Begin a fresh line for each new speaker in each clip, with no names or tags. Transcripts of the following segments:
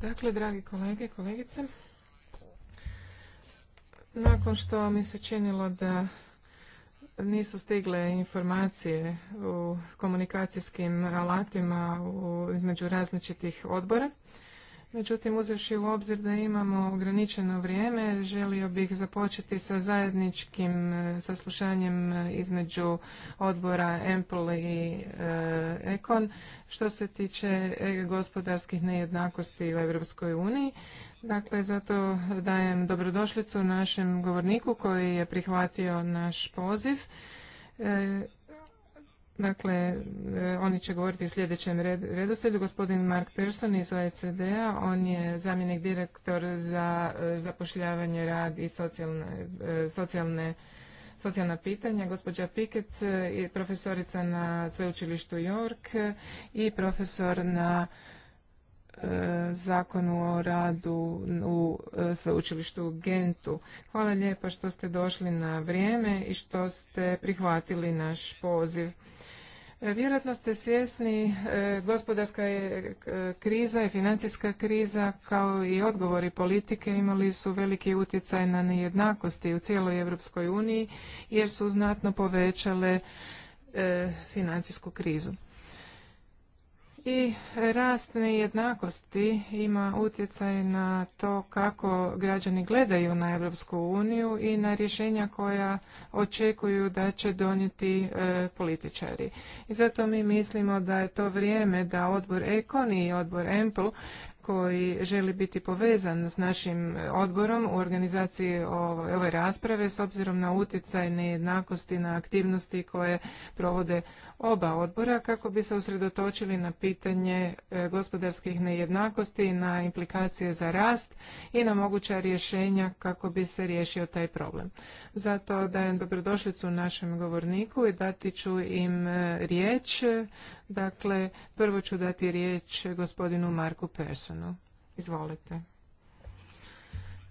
Dakle, dragi kolege i kolegice, nakon što mi se činilo da nisu stigle informacije u komunikacijskim alatima između različitih odbora, Međutim, uzevši u obzir da imamo ograničeno vrijeme, želio bih započeti sa zajedničkim e, saslušanjem e, između odbora EMPL i e, EKON što se tiče gospodarskih nejednakosti u Europskoj uniji. Dakle, zato dajem dobrodošlicu našem govorniku koji je prihvatio naš poziv. Dakle, e, oni će govoriti u sljedećem redoslijedu. Gospodin Mark Persson iz OECD-a, on je zamjenik direktor za e, zapošljavanje, rad i e, socijalne, socijalna pitanja, gospođa Piket, profesorica na sveučilištu York i profesor na zakonu o radu u sveučilištu Gentu. Hvala lijepa što ste došli na vrijeme i što ste prihvatili naš poziv. E, vjerojatno ste svjesni, e, gospodarska je e, kriza i financijska kriza kao i odgovori politike imali su veliki utjecaj na nejednakosti u cijeloj Europskoj uniji jer su znatno povećale financijsku krizu i rast nejednakosti ima utjecaj na to kako građani gledaju na Europsku uniju i na rješenja koja očekuju da će donijeti e, političari. I zato mi mislimo da je to vrijeme da odbor Econ i odbor EMPL koji želi biti povezan s našim odborom u organizaciji ove rasprave s obzirom na utjecaj nejednakosti na aktivnosti koje provode oba odbora kako bi se usredotočili na pitanje e, gospodarskih nejednakosti, na implikacije za rast i na moguća rješenja kako bi se riješio taj problem. Zato dajem dobrodošlicu našem govorniku i dati ću im e, riječ. Dakle, prvo ću dati riječ gospodinu Marku Personu. Izvolite.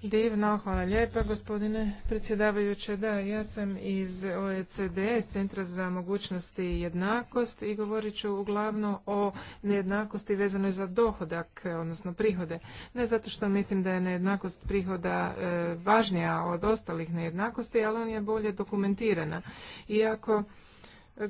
Divno, hvala lijepa gospodine predsjedavajuće. Da, ja sam iz OECD, iz Centra za mogućnosti i jednakost i govorit ću uglavnom o nejednakosti vezanoj za dohodak, odnosno prihode. Ne zato što mislim da je nejednakost prihoda e, važnija od ostalih nejednakosti, ali on je bolje dokumentirana. Iako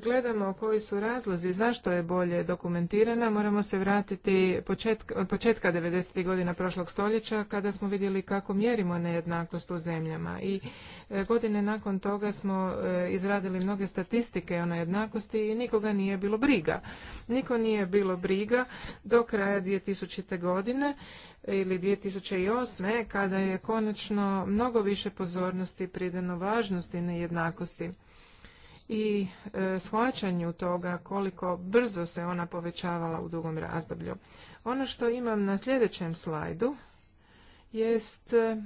gledamo koji su razlozi zašto je bolje dokumentirana, moramo se vratiti početka, početka 90. godina prošlog stoljeća kada smo vidjeli kako mjerimo nejednakost u zemljama i e, godine nakon toga smo e, izradili mnoge statistike o nejednakosti i nikoga nije bilo briga. Niko nije bilo briga do kraja 2000. godine ili 2008. kada je konačno mnogo više pozornosti pridano važnosti nejednakosti i e, shvaćanju toga koliko brzo se ona povećavala u dugom razdoblju. Ono što imam na sljedećem slajdu jest e,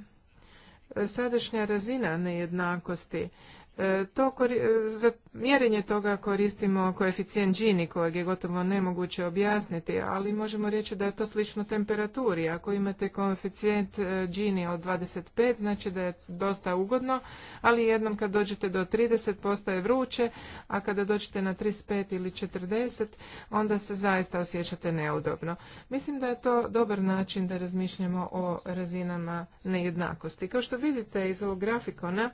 sadašnja razina nejednakosti E, to, e, za mjerenje toga koristimo koeficijent Gini kojeg je gotovo nemoguće objasniti, ali možemo reći da je to slično temperaturi. Ako imate koeficijent e, Gini od 25, znači da je dosta ugodno, ali jednom kad dođete do 30 postaje vruće, a kada dođete na 35 ili 40, onda se zaista osjećate neudobno. Mislim da je to dobar način da razmišljamo o razinama nejednakosti. Kao što vidite iz ovog grafikona,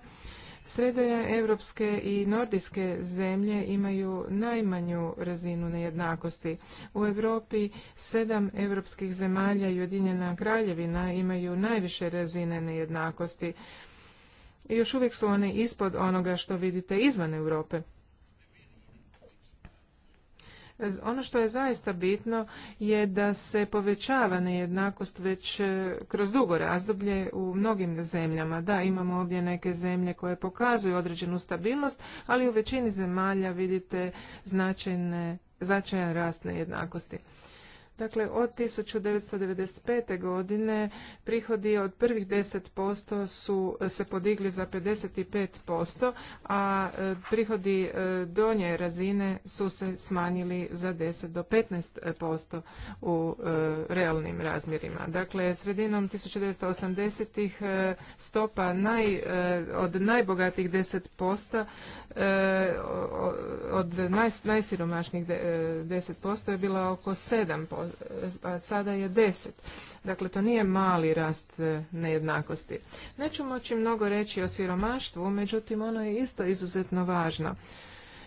Srednje evropske i nordijske zemlje imaju najmanju razinu nejednakosti. U Europi sedam europskih zemalja i Ujedinjena kraljevina imaju najviše razine nejednakosti. Još uvijek su one ispod onoga što vidite izvan Europe. Ono što je zaista bitno je da se povećava nejednakost već e, kroz dugo razdoblje u mnogim zemljama. Da, imamo ovdje neke zemlje koje pokazuju određenu stabilnost, ali u većini zemalja vidite značajne, značajan rast nejednakosti. Dakle, od 1995. godine prihodi od prvih 10% su eh, se podigli za 55%, a eh, prihodi eh, donje razine su se smanjili za 10 do 15% u realnim razmjerima. Dakle, sredinom 1980-ih stopa naj, od najbogatih 10% od naj, najsiromašnijih 10% je bila oko 7% a sada je 10. Dakle, to nije mali rast e, nejednakosti. Neću moći mnogo reći o siromaštvu, međutim, ono je isto izuzetno važno.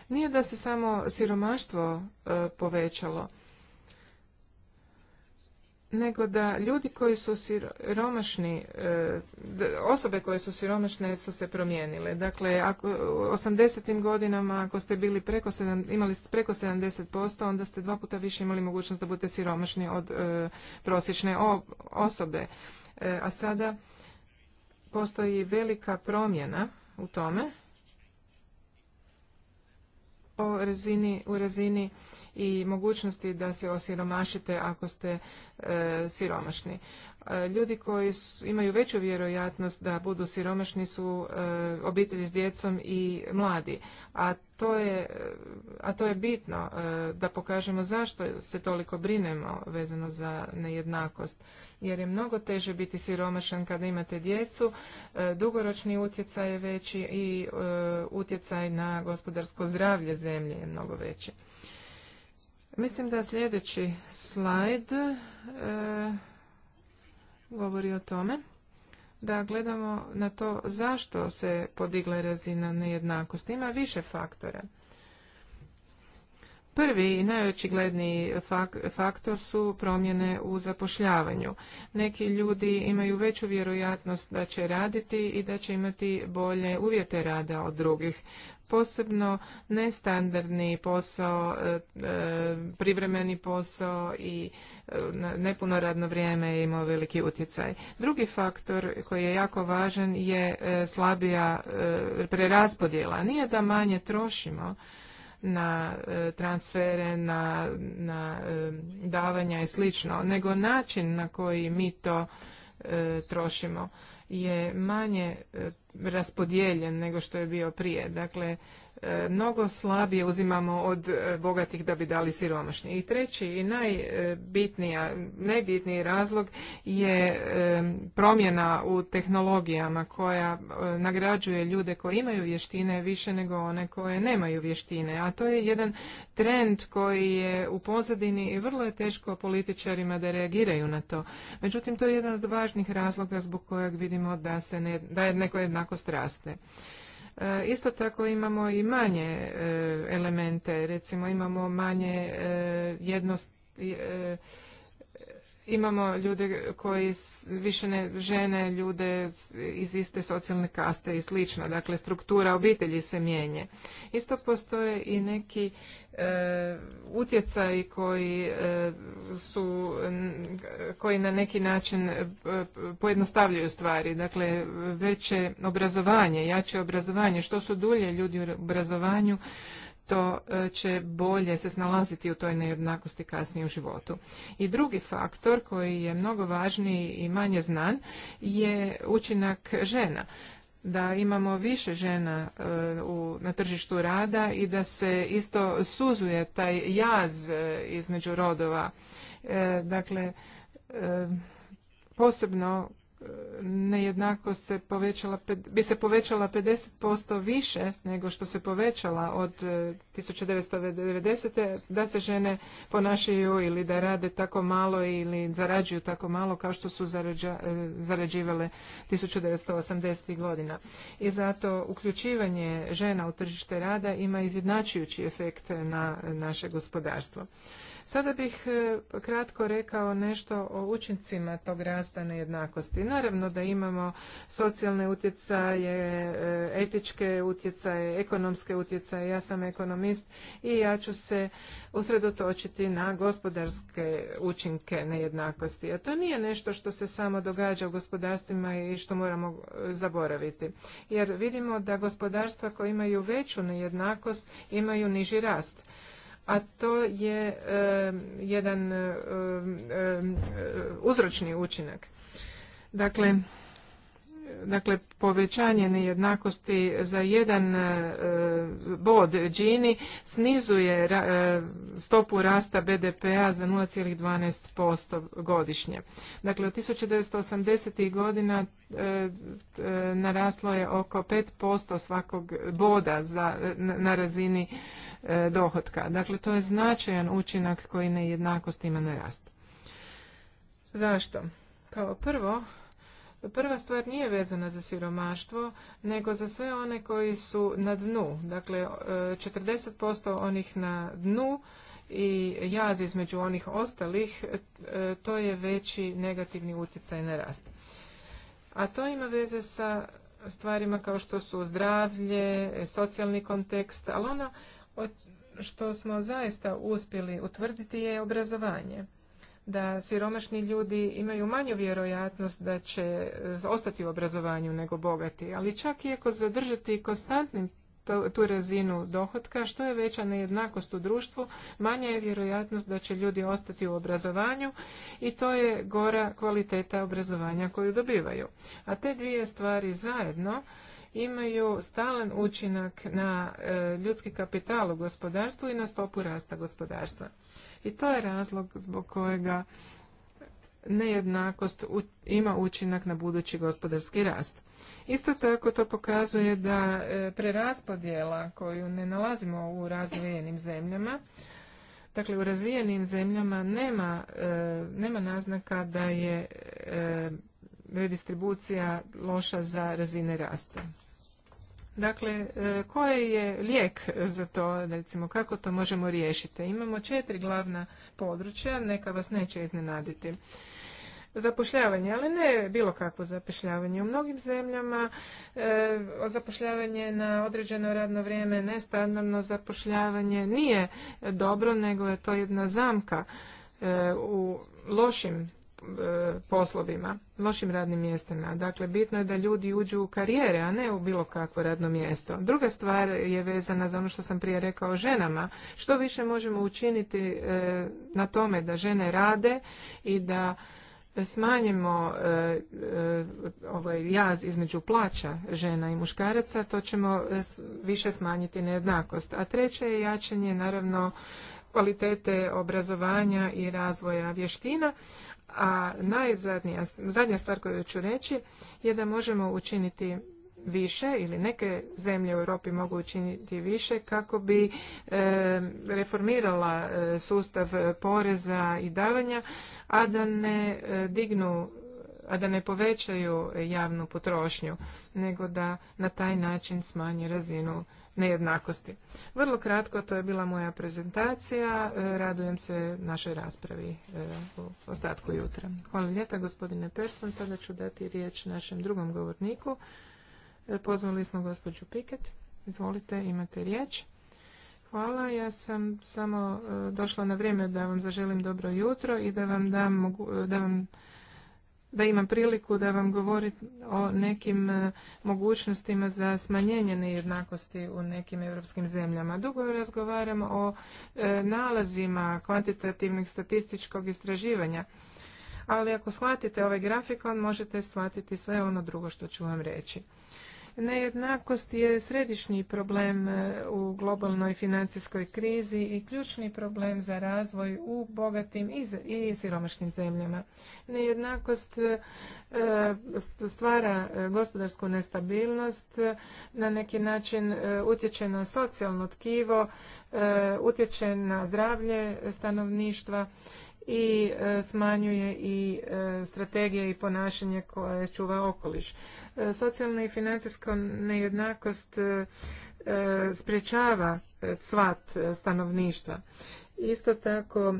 Nije da se samo siromaštvo e, povećalo, nego da ljudi koji su siromašni, e, osobe koje su siromašne su se promijenile. Dakle, ako u 80. godinama, ako ste bili preko, imali ste preko 70%, onda ste dva puta više imali mogućnost da budete siromašni od e, prosječne osobe. E, a sada postoji velika promjena u tome razini, u razini i mogućnosti da se osiromašite ako ste e, siromašni. E, ljudi koji imaju veću vjerojatnost da budu siromašni su e, obitelji s djecom i mladi, a to je, a to je bitno e, da pokažemo zašto se toliko brinemo vezano za nejednakost. Jer je mnogo teže biti siromašan kada imate djecu, e, dugoročni utjecaj je veći i e, utjecaj na gospodarsko zdravlje zemlje je mnogo veći. Mislim da sljedeći slajd govori o tome da gledamo na to zašto se podigla razina nejednakosti. Ima više faktora. Prvi i najočigledniji faktor su promjene u zapošljavanju. Neki ljudi imaju veću vjerojatnost da će raditi i da će imati bolje uvjete rada od drugih. Posebno nestandardni posao, e, e, privremeni posao i e, nepuno radno vrijeme je imao veliki utjecaj. Drugi faktor koji je jako važan je slabija preraspodjela. Nije da manje trošimo, na e, transfere, na, na e, davanja i slično, nego način na koji mi to e, trošimo je manje raspodijeljen nego što je bio prije. Dakle, E, mnogo slabije uzimamo od e, bogatih da bi dali siromašni. I treći i najbitniji razlog je e, promjena u tehnologijama koja nagrađuje ljude koji imaju vještine više nego one koje nemaju vještine. A to je jedan trend koji je u pozadini i vrlo je teško političarima da reagiraju na to. Međutim, to je jedan od važnih razloga zbog kojeg vidimo da se ne, da je neko jednakost raste. E, isto tako imamo i manje e, elemente, recimo imamo manje e, jednosti, imamo ljude koji više ne žene, ljude iz iste socijalne kaste i slično, dakle struktura obitelji se mijenje. Isto postoje i neki E, utjecaji koji e, su koji na neki način e, pojednostavljuju stvari dakle veće obrazovanje jače obrazovanje što su dulje ljudi u obrazovanju to će bolje se snalaziti u toj nejednakosti kasnije u životu. I drugi faktor koji je mnogo važniji i manje znan je učinak žena da imamo više žena e, u, na tržištu rada i da se isto suzuje taj jaz e, između rodova. E, dakle, posebno nejednakost se povećala, bi se povećala 50% više nego što se povećala od 1990. E, da se žene ponašaju ili da rade tako malo ili zarađuju tako malo kao što su zarađa, e, zarađivale 1980. godina. I zato uključivanje žena u tržište rada ima izjednačujući efekt na naše gospodarstvo. Sada bih e, kratko rekao nešto o učincima tog rasta nejednakosti. Naravno da imamo socijalne utjecaje, e, etičke utjecaje, ekonomske utjecaje. Ja sam ekonomist i ja ću se usredotočiti na gospodarske učinke nejednakosti. A to nije nešto što se samo događa u gospodarstvima i što moramo e, zaboraviti. Jer vidimo da gospodarstva koja imaju veću nejednakost imaju niži rast a to je jedan uzročni učinak. Dakle, dakle povećanje nejednakosti za jedan e, bod Gini snizuje e, stopu rasta BDP-a za 0,12% godišnje. Dakle, od 1980. godina e, naraslo je oko 5% svakog boda za, na, na razini dohotka. Dakle, to je značajan učinak koji nejednakost ima na rast. Zašto? Kao prvo, Prva stvar nije vezana za siromaštvo, nego za sve one koji su na dnu. Dakle, 40% e, onih na dnu i jaz između onih ostalih, e, to je veći negativni utjecaj na rast. A to ima veze sa stvarima kao što su zdravlje, socijalni kontekst, ali ono što smo zaista uspjeli utvrditi je obrazovanje da siromašni ljudi imaju manju vjerojatnost da će e, ostati u obrazovanju nego bogati, ali čak i ako zadržati konstantnim tu razinu dohotka, što je veća nejednakost u društvu, manja je vjerojatnost da će ljudi ostati u obrazovanju i to je gora kvaliteta obrazovanja koju dobivaju. A te dvije stvari zajedno imaju stalan učinak na e, ljudski kapital u gospodarstvu i na stopu rasta gospodarstva. I to je razlog zbog kojega nejednakost ima učinak na budući gospodarski rast. Isto tako to pokazuje da e, preraspodjela koju ne nalazimo u razvijenim zemljama, dakle u razvijenim zemljama nema, e, nema naznaka da je e, redistribucija loša za razine rasta. Dakle, e, koji je lijek za to, recimo, kako to možemo riješiti? Imamo četiri glavna područja, neka vas neće iznenaditi. Zapošljavanje, ali ne bilo kakvo zapošljavanje. U mnogim zemljama e, zapošljavanje na određeno radno vrijeme, nestandardno zapošljavanje nije dobro, nego je to jedna zamka e, u lošim E, poslovima, lošim radnim mjestima. Dakle, bitno je da ljudi uđu u karijere, a ne u bilo kakvo radno mjesto. Druga stvar je vezana za ono što sam prije rekao ženama. Što više možemo učiniti e, na tome da žene rade i da smanjimo e, ovaj jaz između plaća žena i muškaraca, to ćemo više smanjiti nejednakost. A treće je jačanje naravno kvalitete obrazovanja i razvoja vještina, a najzadnja zadnja stvar koju ću reći je da možemo učiniti više ili neke zemlje u Europi mogu učiniti više kako bi e, reformirala e, sustav poreza i davanja, a da ne e, dignu a da ne povećaju javnu potrošnju, nego da na taj način smanje razinu nejednakosti. Vrlo kratko, to je bila moja prezentacija. E, radujem se našoj raspravi e, u ostatku jutra. Hvala ljeta, gospodine Persson. Sada ću dati riječ našem drugom govorniku. E, pozvali smo gospođu Piket. Izvolite, imate riječ. Hvala, ja sam samo došla na vrijeme da vam zaželim dobro jutro i da vam dam, da vam da imam priliku da vam govorim o nekim e, mogućnostima za smanjenje nejednakosti u nekim europskim zemljama. Dugo razgovaram o e, nalazima kvantitativnih statističkog istraživanja, ali ako shvatite ovaj grafikon možete shvatiti sve ono drugo što ću vam reći. Nejednakost je središnji problem e, u globalnoj financijskoj krizi i ključni problem za razvoj u bogatim i siromašnim zemljama. Nejednakost e, stvara e, gospodarsku nestabilnost, na neki način utječe na socijalno tkivo, utječe na zdravlje stanovništva i e, smanjuje i e, strategije i ponašanje koje čuva okoliš. E, socijalna i financijska nejednakost sprječava cvat stanovništva. Isto tako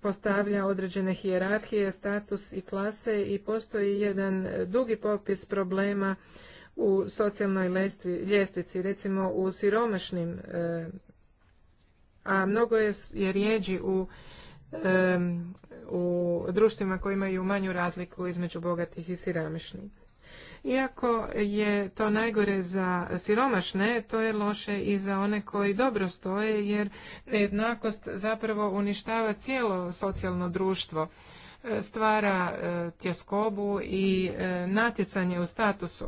postavlja određene hijerarhije, status i klase i postoji jedan dugi popis problema u socijalnoj ljestvici, recimo u siromašnim, a mnogo je rijeđi u um, u društvima koji imaju manju razliku između bogatih i siromašnih. Iako je to najgore za siromašne, to je loše i za one koji dobro stoje jer nejednakost zapravo uništava cijelo socijalno društvo, e, stvara e, tjeskobu i e, natjecanje u statusu.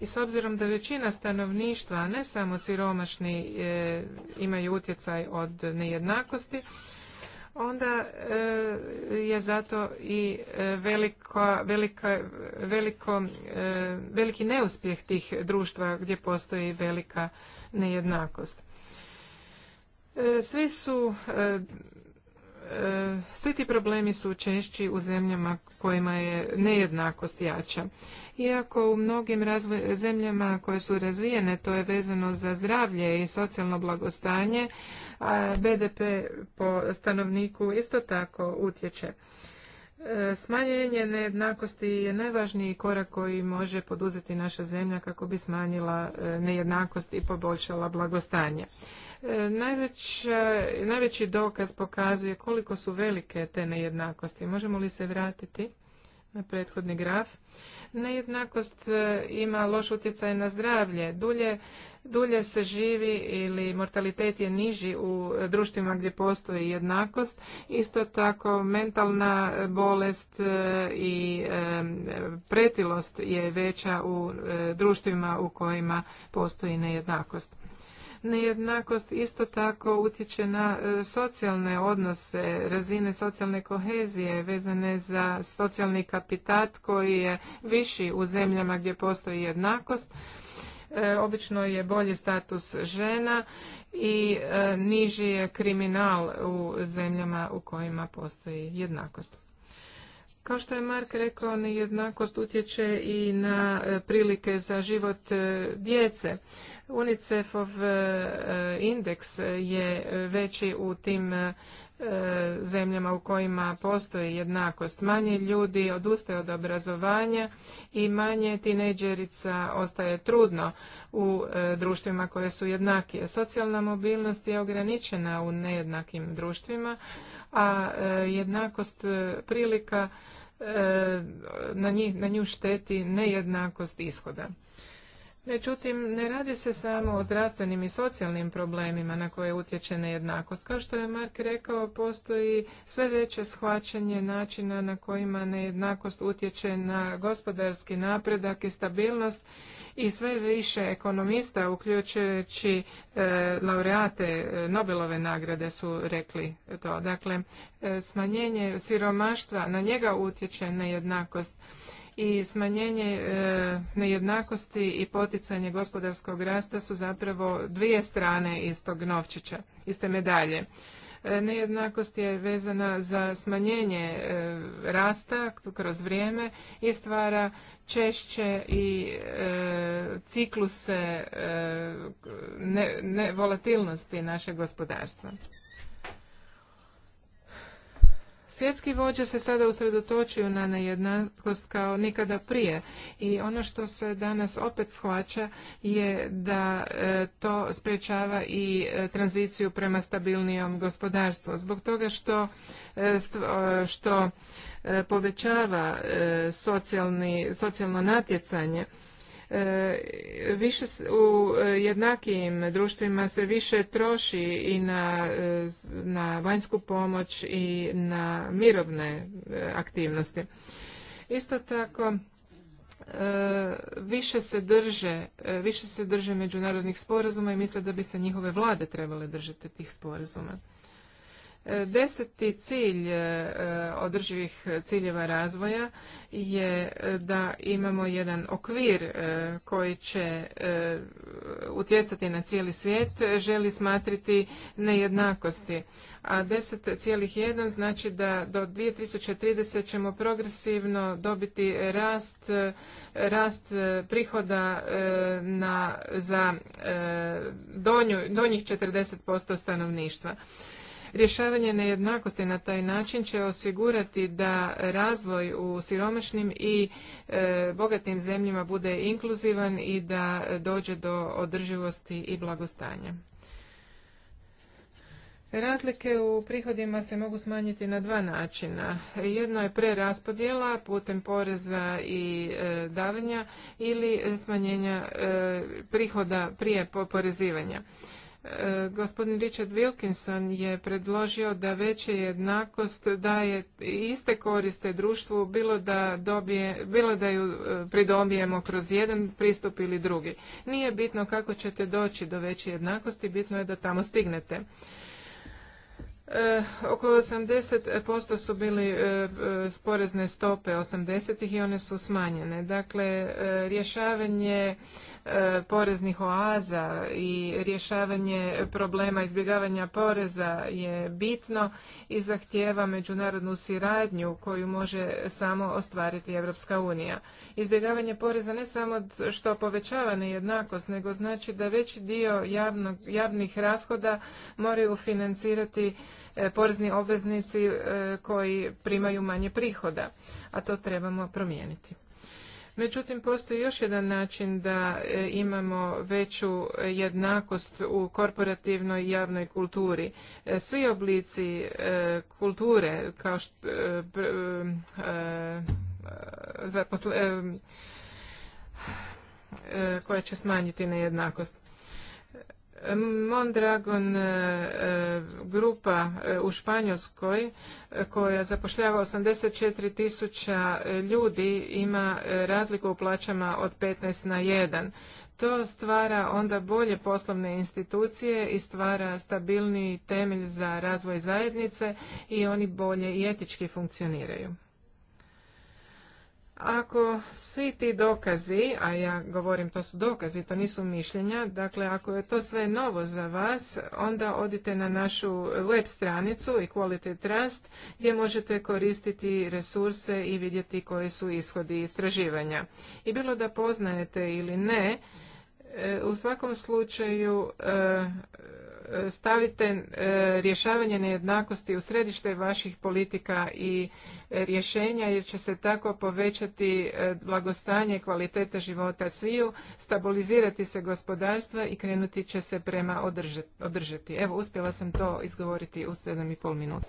I s obzirom da većina stanovništva, ne samo siromašni, imaju utjecaj od nejednakosti, onda e, je zato i e, velika velika, veliko, e, veliki neuspjeh tih društva gdje postoji velika nejednakost. Svi su svi ti problemi su češći u zemljama kojima je nejednakost jača. Iako u mnogim zemljama koje su razvijene, to je vezano za zdravlje i socijalno blagostanje, BDP po stanovniku isto tako utječe. E, smanjenje nejednakosti je najvažniji korak koji može poduzeti naša zemlja kako bi smanjila e, nejednakost i poboljšala blagostanje. E, najveći dokaz pokazuje koliko su velike te nejednakosti. Možemo li se vratiti na prethodni graf? Nejednakost e, ima loš utjecaj na zdravlje. Dulje, dulje se živi ili mortalitet je niži u društvima gdje postoji jednakost. Isto tako mentalna bolest e, i e, pretilost je veća u društvima u kojima postoji nejednakost. Nejednakost isto tako utječe na e, socijalne odnose, razine socijalne kohezije vezane za socijalni kapitat koji je viši u zemljama gdje postoji jednakost. E, obično je bolji status žena i e, niži je kriminal u zemljama u kojima postoji jednakost. Kao što je Mark rekao, nejednakost utječe i na e, prilike za život e, djece. UNICEF-ov e, indeks je veći u tim zemljama u kojima postoji jednakost. Manje ljudi odustaje od obrazovanja i manje tineđerica ostaje trudno u društvima koje su jednakije. Socijalna mobilnost je ograničena u nejednakim društvima a e, jednakost e, prilika e, na, nju šteti nejednakost ishoda. Međutim, ne radi se samo o zdravstvenim i socijalnim problemima na koje utječe nejednakost. Kao što je Mark rekao, postoji sve veće shvaćanje načina na kojima nejednakost utječe na gospodarski napredak i stabilnost i sve više ekonomista, uključujući e, laureate e, Nobelove nagrade, su rekli to. Dakle, e, smanjenje siromaštva, na njega utječe nejednakost i smanjenje e, nejednakosti i poticanje gospodarskog rasta su zapravo dvije strane istog novčića, iste medalje. E, nejednakost je vezana za smanjenje e, rasta kroz vrijeme i stvara češće i cikluse nevolatilnosti našeg gospodarstva. Svjetski vođe se sada usredotočuju na nejednakost kao nikada prije i ono što se danas opet shvaća je da e, to sprječava i e, tranziciju prema stabilnijom gospodarstvu. Zbog toga što, e, što povećava socijalni, socijalno natjecanje E, više u e, jednakijim društvima se više troši i na, e, na vanjsku pomoć i na mirovne aktivnosti. Isto tako više se drže, više se drže međunarodnih sporazuma i misle da bi se njihove vlade trebale držati tih sporazuma. Deseti cilj e, održivih ciljeva razvoja je e, da imamo jedan okvir e, koji će utjecati na cijeli svijet, želi smatriti nejednakosti. A 10,1 znači da do 2030 ćemo progresivno dobiti rast, rast prihoda na, za donju, donjih 40% stanovništva. Rješavanje nejednakosti na taj način će osigurati da razvoj u siromašnim i e, bogatim zemljima bude inkluzivan i da dođe do održivosti i blagostanja. Razlike u prihodima se mogu smanjiti na dva načina. Jedno je preraspodjela putem poreza i e, davanja ili smanjenja e, prihoda prije oporezivanja. E, gospodin Richard Wilkinson je predložio da veća jednakost daje iste koriste društvu, bilo da, dobije, bilo da ju e, pridobijemo kroz jedan pristup ili drugi. Nije bitno kako ćete doći do veće jednakosti, bitno je da tamo stignete. E, oko 80% su bili e, porezne stope 80-ih i one su smanjene. Dakle, rješavanje E, poreznih oaza i rješavanje problema izbjegavanja poreza je bitno i zahtijeva međunarodnu siradnju koju može samo ostvariti Europska unija. Izbjegavanje poreza ne samo što povećava nejednakost, nego znači da veći dio javnog, javnih rashoda moraju financirati e, porezni obveznici e, koji primaju manje prihoda, a to trebamo promijeniti. Međutim, postoji još jedan način da e, imamo veću jednakost u korporativnoj i javnoj kulturi. E, svi oblici e, kulture, kao što, koje će smanjiti nejednakost. Mondragon e, e, grupa e, u Španjolskoj koja zapošljava 84 tisuća ljudi ima razliku u plaćama od 15 na 1. To stvara onda bolje poslovne institucije i stvara stabilniji temelj za razvoj zajednice i oni bolje i etički funkcioniraju ako svi ti dokazi, a ja govorim to su dokazi, to nisu mišljenja, dakle ako je to sve novo za vas, onda odite na našu web stranicu Quality Trust gdje možete koristiti resurse i vidjeti koji su ishodi istraživanja. I bilo da poznajete ili ne, e, u svakom slučaju e, stavite e, rješavanje nejednakosti u središte vaših politika i e, rješenja jer će se tako povećati e, blagostanje kvalitete života sviju, stabilizirati se gospodarstva i krenuti će se prema održati. Evo, uspjela
sam to izgovoriti u 7,5 minuta.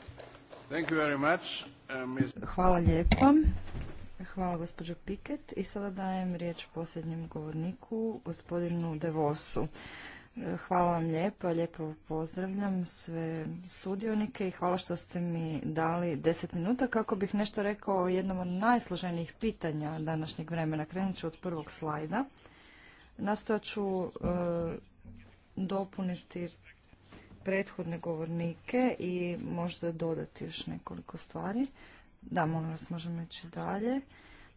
Thank you uh,
Hvala lijepo Hvala gospođo Piket i sada dajem riječ posljednjem govorniku, gospodinu Devosu. Hvala vam lijepo, lijepo pozdravljam sve sudionike i hvala što ste mi dali deset minuta kako bih nešto rekao o jednom od najsloženijih pitanja današnjeg vremena. Krenut ću od prvog slajda. Nastojat ću e, dopuniti prethodne govornike i možda dodati još nekoliko stvari. Da, molim vas, možemo ići dalje.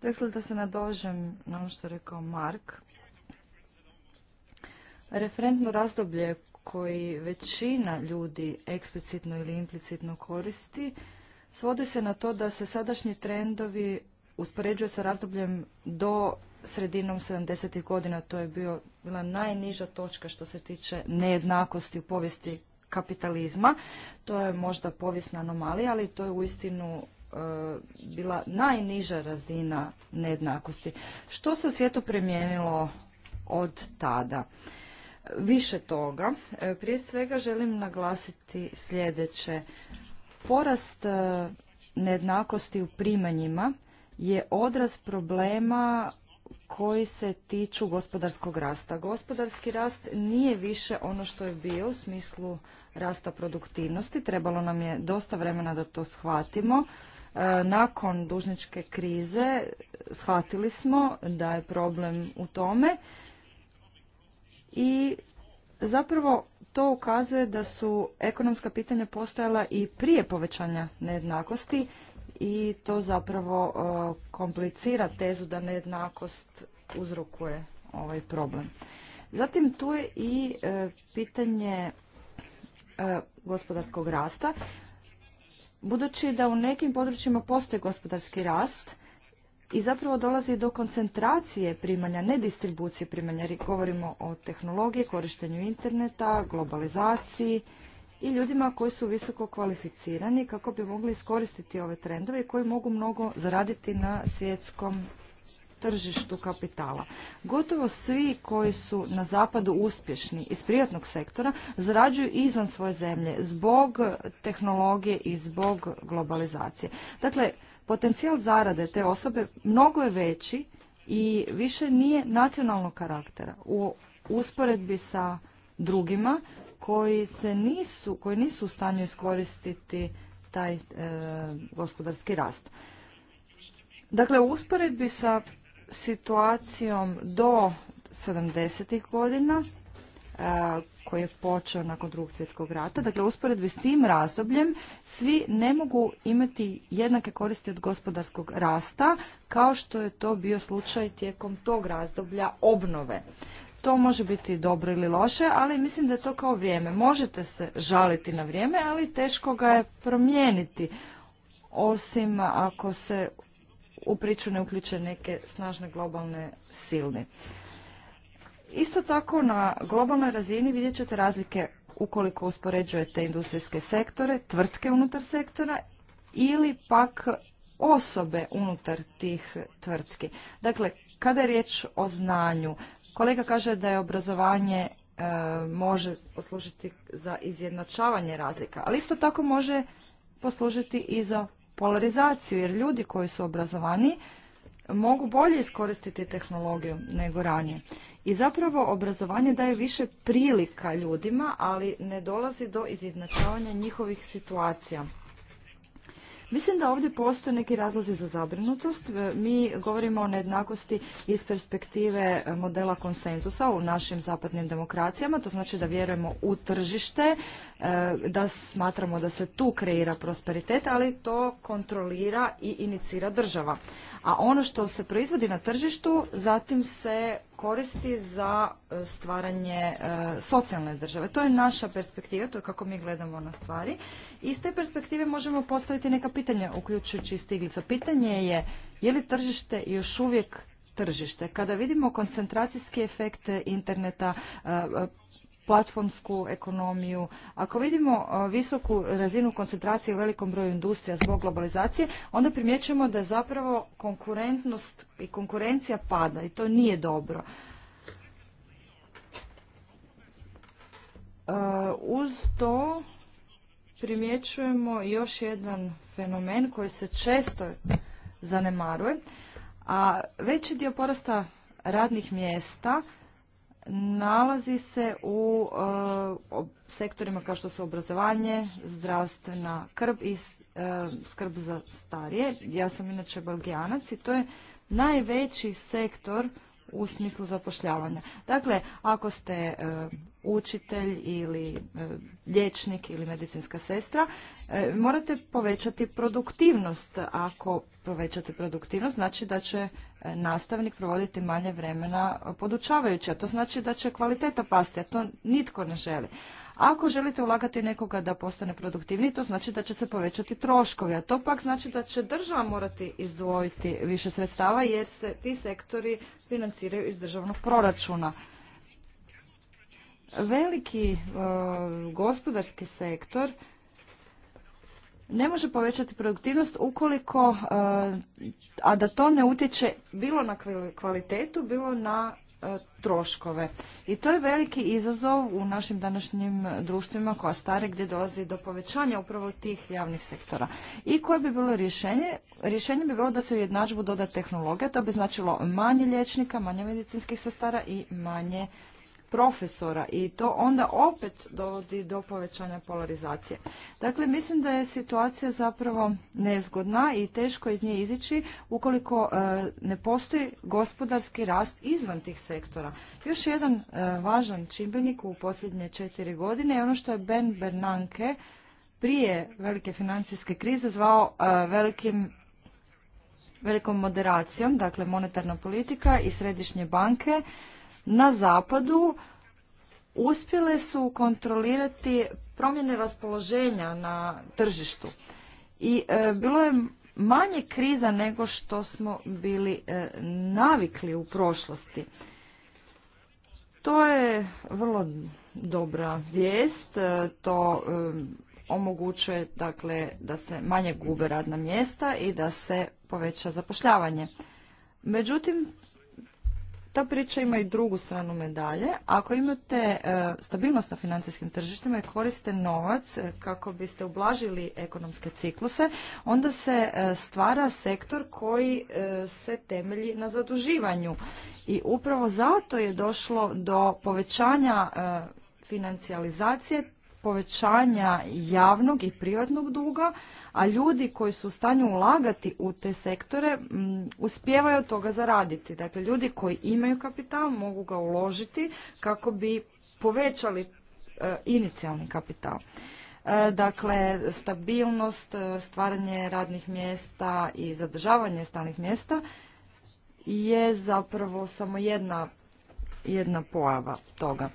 Dakle, da se nadožem na ono što je rekao Mark, Referentno razdoblje koji većina ljudi eksplicitno ili implicitno koristi svodi se na to da se sadašnji trendovi uspoređuju sa razdobljem do sredinom 70. godina. To je bio, bila najniža točka što se tiče nejednakosti u povijesti kapitalizma. To je možda povijesna anomalija, ali to je uistinu istinu e, bila najniža razina nejednakosti. Što se u svijetu premijenilo od tada? više toga. E, prije svega želim naglasiti sljedeće. Porast e, nejednakosti u primanjima je odraz problema koji se tiču gospodarskog rasta. Gospodarski rast nije više ono što je bio u smislu rasta produktivnosti. Trebalo nam je dosta vremena da to shvatimo. E, nakon dužničke krize shvatili smo da je problem u tome i zapravo to ukazuje da su ekonomska pitanja postojala i prije povećanja nejednakosti i to zapravo e, komplicira tezu da nejednakost uzrokuje ovaj problem. Zatim tu je i e, pitanje e, gospodarskog rasta. Budući da u nekim područjima postoji gospodarski rast, i zapravo dolazi do koncentracije primanja, ne distribucije primanja, jer govorimo o tehnologiji, korištenju interneta, globalizaciji i ljudima koji su visoko kvalificirani kako bi mogli iskoristiti ove trendove i koji mogu mnogo zaraditi na svjetskom tržištu kapitala. Gotovo svi koji su na zapadu uspješni iz prijatnog sektora zarađuju izvan svoje zemlje zbog tehnologije i zbog globalizacije. Dakle, Potencijal zarade te osobe mnogo je veći i više nije nacionalnog karaktera u usporedbi sa drugima koji se nisu, koji nisu u stanju iskoristiti taj e, gospodarski rast. Dakle, u usporedbi sa situacijom do 70. godina koji je počeo nakon drugog svjetskog rata. Dakle, usporedbi s tim razdobljem svi ne mogu imati jednake koristi od gospodarskog rasta kao što je to bio slučaj tijekom tog razdoblja obnove. To može biti dobro ili loše, ali mislim da je to kao vrijeme. Možete se žaliti na vrijeme, ali teško ga je promijeniti, osim ako se u priču ne uključe neke snažne globalne silne. Isto tako na globalnoj razini vidjet ćete razlike ukoliko uspoređujete industrijske sektore, tvrtke unutar sektora ili pak osobe unutar tih tvrtki. Dakle, kada je riječ o znanju, kolega kaže da je obrazovanje e, može poslužiti za izjednačavanje razlika, ali isto tako može poslužiti i za polarizaciju, jer ljudi koji su obrazovani mogu bolje iskoristiti tehnologiju nego ranije. I zapravo obrazovanje daje više prilika ljudima, ali ne dolazi do izjednačavanja njihovih situacija. Mislim da ovdje postoje neki razlozi za zabrinutost. Mi govorimo o nejednakosti iz perspektive modela konsenzusa u našim zapadnim demokracijama, to znači da vjerujemo u tržište, e, da smatramo da se tu kreira prosperitet, ali to kontrolira i inicira država a ono što se proizvodi na tržištu zatim se koristi za e, stvaranje e, socijalne države. To je naša perspektiva, to je kako mi gledamo na stvari. Iz te perspektive možemo postaviti neka pitanja, uključujući stiglica. Pitanje je je li tržište još uvijek tržište. Kada vidimo koncentracijski efekt interneta, e, platformsku ekonomiju. Ako vidimo uh, visoku razinu koncentracije u velikom broju industrija zbog globalizacije, onda primjećujemo da zapravo konkurentnost i konkurencija pada i to nije dobro. Uh, uz to primjećujemo još jedan fenomen koji se često zanemaruje, a veći dio porasta radnih mjesta nalazi se u eh, sektorima kao što su obrazovanje, zdravstvena krb i eh, skrb za starije. Ja sam inače belgijanac i to je najveći sektor u smislu zapošljavanja. Dakle, ako ste eh, učitelj ili lječnik ili medicinska sestra, morate povećati produktivnost. Ako povećate produktivnost, znači da će nastavnik provoditi manje vremena podučavajući, a to znači da će kvaliteta pasti, a to nitko ne želi. Ako želite ulagati nekoga da postane produktivniji, to znači da će se povećati troškovi, a to pak znači da će država morati izdvojiti više sredstava jer se ti sektori financiraju iz državnog proračuna. Veliki eh, gospodarski sektor ne može povećati produktivnost ukoliko, e, a da to ne utječe bilo na kvalitetu, bilo na e, troškove. I to je veliki izazov u našim današnjim društvima koja stare gdje dolazi do povećanja upravo tih javnih sektora. I koje bi bilo rješenje? Rješenje bi bilo da se u jednadžbu doda tehnologija, to bi značilo manje liječnika, manje medicinskih sestara i manje profesora i to onda opet dovodi do povećanja polarizacije. Dakle, mislim da je situacija zapravo nezgodna i teško iz nje izići ukoliko e, ne postoji gospodarski rast izvan tih sektora. Još jedan e, važan čimbenik u posljednje četiri godine je ono što je Ben Bernanke prije velike financijske krize zvao e, velikim velikom moderacijom, dakle monetarna politika i središnje banke na zapadu uspjele su kontrolirati promjene raspoloženja na tržištu. I e, bilo je manje kriza nego što smo bili e, navikli u prošlosti. To je vrlo dobra vijest, e, to omogućuje dakle da se manje gube radna mjesta i da se poveća zapošljavanje. Međutim, ta priča ima i drugu stranu medalje. Ako imate e, stabilnost na financijskim tržištima i koriste novac e, kako biste ublažili ekonomske cikluse, onda se e, stvara sektor koji se temelji na zaduživanju. I upravo zato je došlo do povećanja financijalizacije povećanja javnog i privatnog duga, a ljudi koji su u stanju ulagati u te sektore mm, uspijevaju od toga zaraditi. Dakle, ljudi koji imaju kapital mogu ga uložiti kako bi povećali e, inicijalni kapital. E, dakle, stabilnost, e, stvaranje radnih mjesta i zadržavanje stanih mjesta je zapravo samo jedna, jedna pojava toga.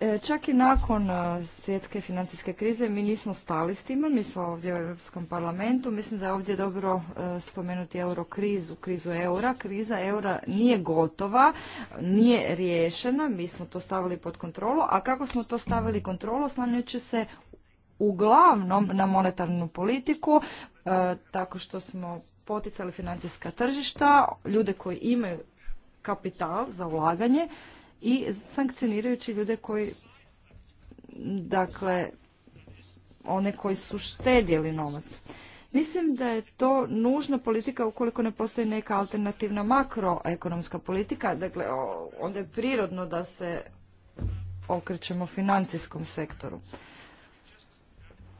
E, čak i nakon e, svjetske financijske krize mi nismo stali s time, mi smo ovdje u Europskom parlamentu, mislim da je ovdje dobro e, spomenuti euro krizu, krizu eura. Kriza eura nije gotova, nije riješena, mi smo to stavili pod kontrolu, a kako smo to stavili kontrolu, oslanjajući se uglavnom na monetarnu politiku, tako što smo poticali financijska tržišta, ljude koji imaju kapital za ulaganje, i sankcionirajući ljude koji, dakle, one koji su štedjeli novac. Mislim da je to nužna politika ukoliko ne postoji neka alternativna makroekonomska politika, dakle onda je prirodno da se okrećemo financijskom sektoru.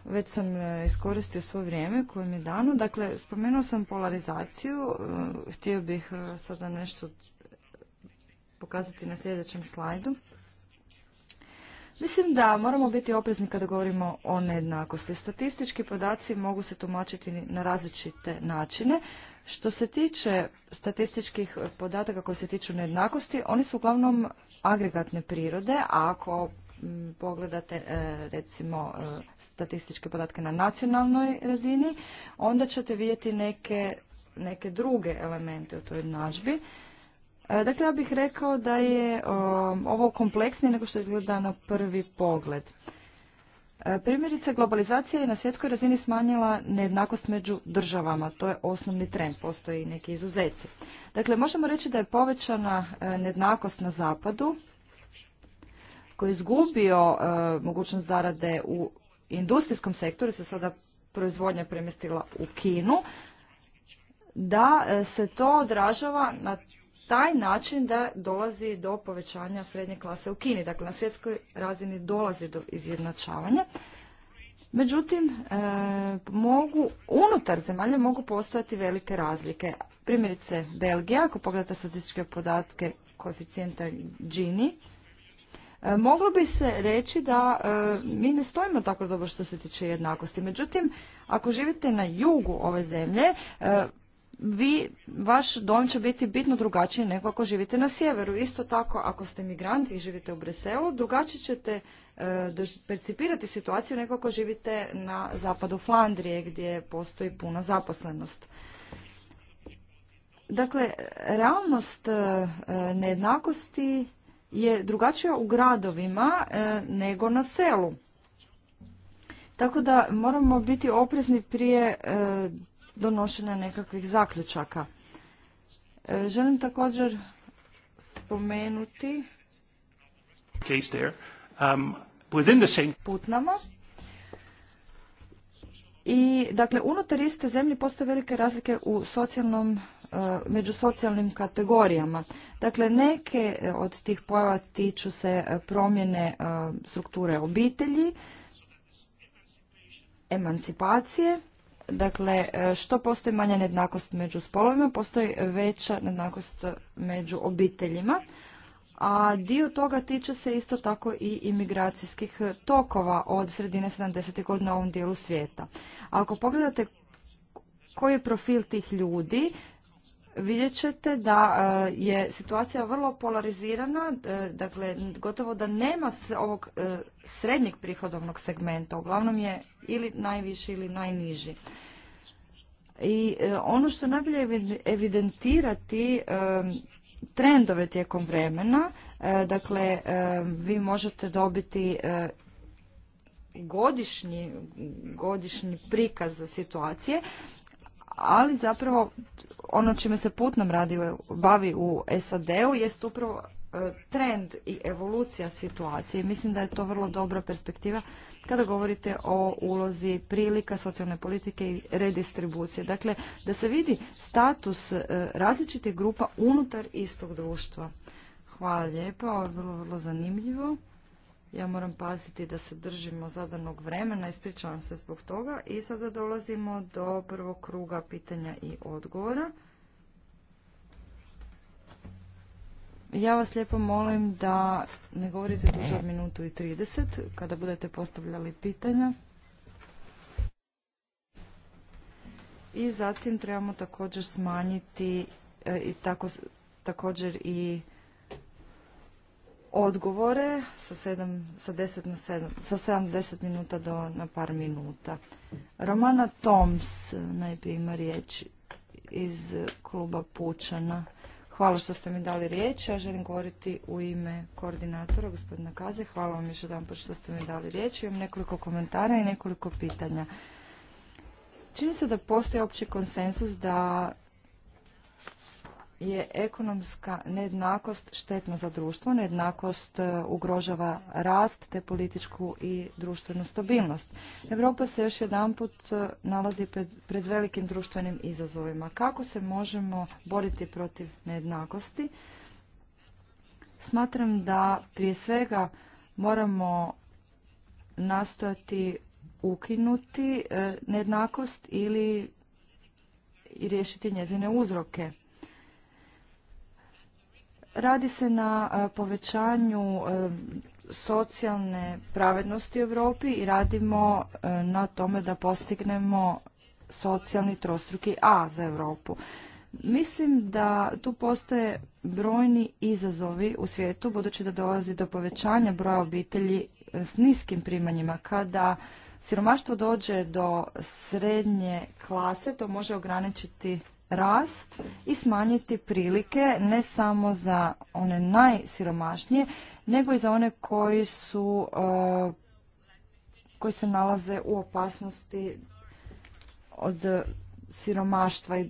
Već sam e, iskoristio svoje vrijeme koje mi je dano. Dakle, spomenuo sam polarizaciju. E, htio bih e, sada nešto pokazati na sljedećem slajdu. Mislim da moramo biti oprezni kada govorimo o nejednakosti. Statistički podaci mogu se tumačiti na različite načine. Što se tiče statističkih podataka koji se tiču nejednakosti, oni su uglavnom agregatne prirode, a ako pogledate e, recimo e, statističke podatke na nacionalnoj razini, onda ćete vidjeti neke, neke druge elemente u toj jednadžbi. E, dakle, ja bih rekao da je ovo kompleksnije nego što izgleda na prvi pogled. E, primjerice, globalizacija je na svjetskoj razini smanjila nejednakost među državama. To je osnovni trend, postoji neki izuzeci. Dakle, možemo reći da je povećana e, nejednakost na zapadu, koji je izgubio mogućnost zarade u industrijskom sektoru, se sada proizvodnja premjestila u Kinu, da se to odražava na taj način da dolazi do povećanja srednje klase u Kini. Dakle, na svjetskoj razini dolazi do izjednačavanja. Međutim, e, mogu, unutar zemalja mogu postojati velike razlike. Primjerice, Belgija, ako pogledate statističke podatke koeficijenta Gini, e, moglo bi se reći da e, mi ne stojimo tako dobro što se tiče jednakosti. Međutim, ako živite na jugu ove zemlje, vi, vaš dom će biti bitno drugačiji nego ako živite na sjeveru. Isto tako, ako ste migranti i živite u Breselu, drugačije ćete e, percipirati situaciju nego ako živite na zapadu Flandrije gdje postoji puna zaposlenost. Dakle, realnost e, nejednakosti je drugačija u gradovima e, nego na selu. Tako da moramo biti oprezni prije donošenja nekakvih zaključaka. E, želim također spomenuti um, putnama. I, dakle, unutar iste zemlje postoje velike razlike u socijalnom, e, među socijalnim kategorijama. Dakle, neke e, od tih pojava tiču se promjene strukture obitelji, emancipacije, Dakle, e, što postoji manja nejednakost među spolovima, postoji veća nejednakost među obiteljima, a dio toga tiče se isto tako i imigracijskih tokova od sredine 70. godina u ovom dijelu svijeta. ako pogledate koji je profil tih ljudi, vidjet ćete da e, je situacija vrlo polarizirana, e, dakle gotovo da nema ovog e, srednjeg prihodovnog segmenta, uglavnom je ili najviši ili najniži. I ono što najbolje evidentirati trendove tijekom vremena, dakle vi možete dobiti godišnji, prikaz za situacije, ali zapravo ono čime se putnom radi, bavi u SAD-u jest upravo e, trend i evolucija situacije. Mislim da je to vrlo dobra perspektiva kada govorite o ulozi prilika socijalne politike i redistribucije. Dakle, da se vidi status e, različitih grupa unutar istog društva. Hvala lijepa, ovo je vrlo, vrlo zanimljivo. Ja moram paziti da se držimo zadanog vremena, ispričavam se zbog toga. I sada dolazimo do prvog kruga pitanja i odgovora. Ja vas lijepo molim da ne govorite duže od minutu i 30 kada budete postavljali pitanja. I zatim trebamo također smanjiti e, i tako, također i odgovore sa 7 sa 10 na 7 sa 70 minuta do na par minuta. Romana Toms najprije ima riječ iz kluba Pučana. Hvala što ste mi dali riječ. Ja želim govoriti u ime koordinatora, gospodina Kaze. Hvala vam još jedan što ste mi dali riječ. Imam nekoliko komentara i nekoliko pitanja. Čini se da postoji opći konsensus da je ekonomska nejednakost štetna za društvo, nejednakost e, ugrožava rast te političku i društvenu stabilnost. Europa se još jedanput e, nalazi pred, velikim društvenim izazovima. Kako se možemo boriti protiv nejednakosti? Smatram da prije svega moramo nastojati ukinuti e, nejednakost ili riješiti njezine uzroke. Radi se na povećanju socijalne pravednosti u Europi i radimo na tome da postignemo socijalni trostruki A za Europu. Mislim da tu postoje brojni izazovi u svijetu, budući da dolazi do povećanja broja obitelji e, s niskim primanjima. Kada siromaštvo dođe do srednje klase, to može ograničiti rast i smanjiti prilike ne samo za one najsiromašnije, nego i za one koji su e, koji se nalaze u opasnosti od siromaštva i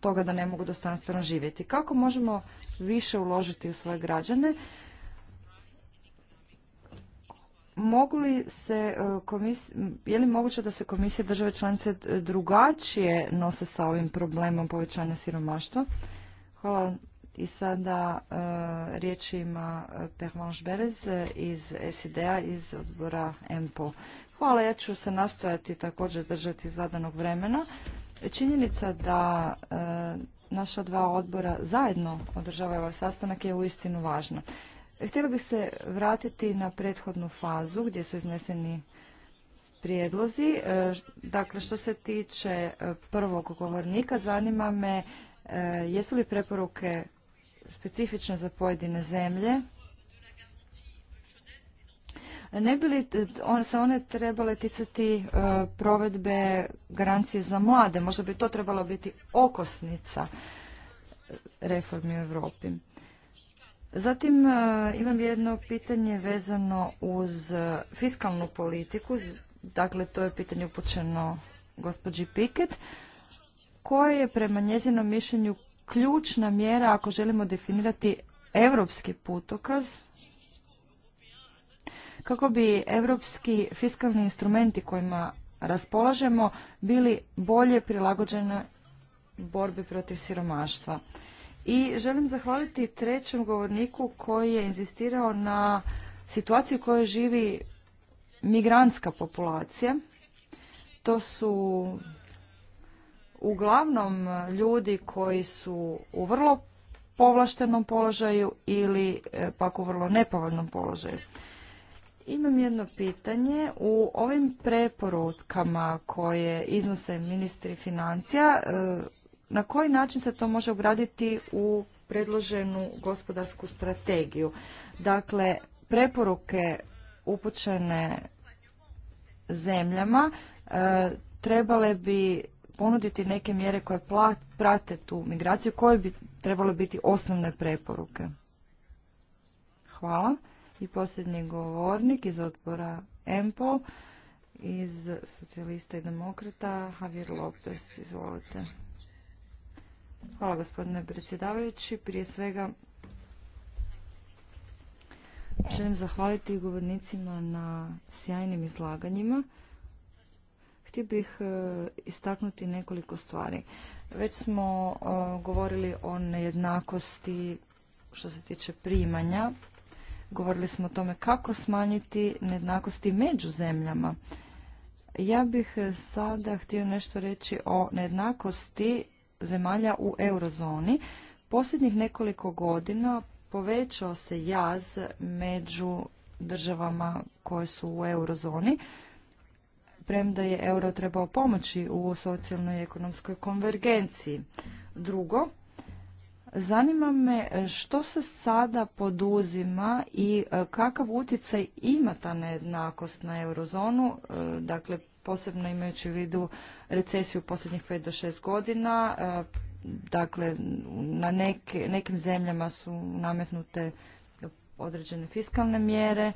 toga da ne mogu dostanstveno živjeti. Kako možemo više uložiti u svoje građane? Mogu li se e, komisije je li moguće da se komisije države članice e, drugačije nose sa ovim problemom povećanja siromaštva? Hvala i sada riječi riječ ima e, Berez iz SID-a iz odbora MPO. Hvala, ja ću se nastojati također držati zadanog vremena. Činjenica da naša dva odbora zajedno održavaju ovaj sastanak je uistinu važna. Htjela bih se vratiti na prethodnu fazu gdje su izneseni prijedlozi. E, dakle, što se tiče e, prvog govornika, zanima me e, jesu li preporuke specifične za pojedine zemlje? Ne bi li se one trebale ticati provedbe garancije za mlade? Možda bi to trebalo biti okosnica reformi u Europi. Zatim e, imam jedno pitanje vezano uz e, fiskalnu politiku, dakle to je pitanje upućeno gospođi Piket, koje je prema njezinom mišljenju ključna mjera ako želimo definirati europski putokaz kako bi europski fiskalni instrumenti kojima raspolažemo bili bolje prilagođeni borbi protiv siromaštva. I želim zahvaliti trećem govorniku koji je inzistirao na situaciju u kojoj živi migrantska populacija. To su uglavnom ljudi koji su u vrlo povlaštenom položaju ili e, pak u vrlo nepovoljnom položaju. Imam jedno pitanje. U ovim preporutkama koje iznose ministri financija e, na koji način se to može ugraditi u predloženu gospodarsku strategiju. Dakle, preporuke upućene zemljama e, trebale bi ponuditi neke mjere koje prate tu migraciju, koje bi trebale biti osnovne preporuke. Hvala. I posljednji govornik iz odbora EMPO, iz socijalista i demokrata, Javier Lopez. Izvolite. Hvala gospodine predsjedavajući. Prije svega želim zahvaliti govornicima na sjajnim izlaganjima. Htio bih e, istaknuti nekoliko stvari. Već smo e, govorili o nejednakosti što se tiče primanja. Govorili smo o tome kako smanjiti nejednakosti među zemljama. Ja bih e, sada htio nešto reći o nejednakosti zemalja u eurozoni, posljednjih nekoliko godina povećao se jaz među državama koje su u eurozoni, premda je euro trebao pomoći u socijalnoj i ekonomskoj konvergenciji. Drugo, zanima me što se sada poduzima i e, kakav utjecaj ima ta nejednakost na eurozonu, e, dakle posebno imajući u vidu recesiju posljednjih 5 do šest godina. E, dakle, na neke, nekim zemljama su nametnute određene fiskalne mjere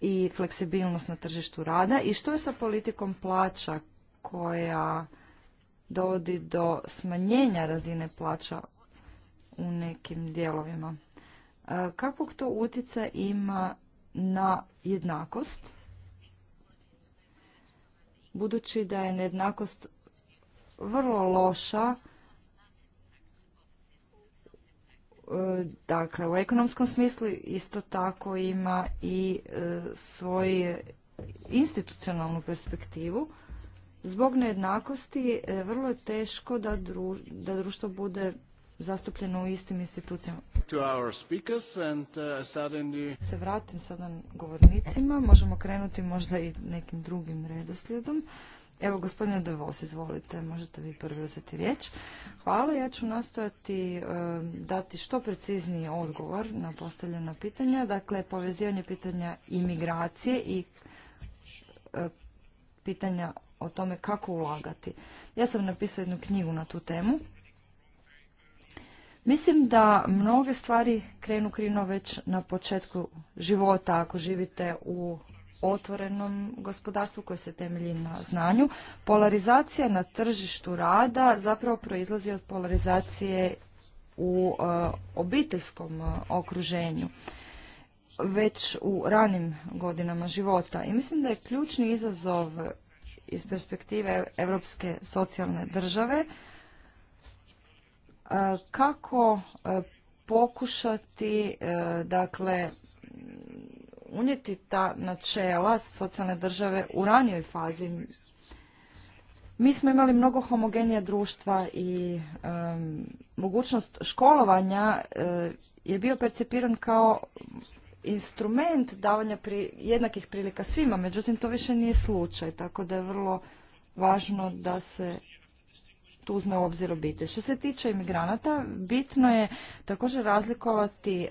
i fleksibilnost na tržištu rada. I što je sa politikom plaća koja dovodi do smanjenja razine plaća u nekim dijelovima? E, kakvog to utjeca ima na jednakost? budući da je nejednakost vrlo loša e, dakle u ekonomskom smislu isto tako ima i e, svoju institucionalnu perspektivu. Zbog nejednakosti e, vrlo je teško da društvo bude zastupljeno u istim institucijama
to uh, Se
vratim sada govornicima. Možemo krenuti možda i nekim drugim redoslijedom. Evo, gospodine Devos, izvolite, možete vi prvi uzeti riječ. Hvala, ja ću nastojati um, dati što precizniji odgovor na postavljena pitanja. Dakle, povezivanje pitanja imigracije i uh, pitanja o tome kako ulagati. Ja sam napisao jednu knjigu na tu temu Mislim da mnoge stvari krenu krino već na početku života ako živite u otvorenom gospodarstvu koje se temelji na znanju. Polarizacija na tržištu rada zapravo proizlazi od polarizacije u e, obiteljskom e, okruženju već u ranim godinama života. I mislim da je ključni izazov iz perspektive europske socijalne države E, kako e, pokušati e, dakle unijeti ta načela socijalne države u ranijoj fazi. Mi smo imali mnogo homogenija društva i mogućnost školovanja je bio percepiran kao instrument davanja pri, jednakih prilika svima, međutim to više nije slučaj, tako da je vrlo važno da se tu uzme u obzir obitelj. Što se tiče imigranata, bitno je također razlikovati e,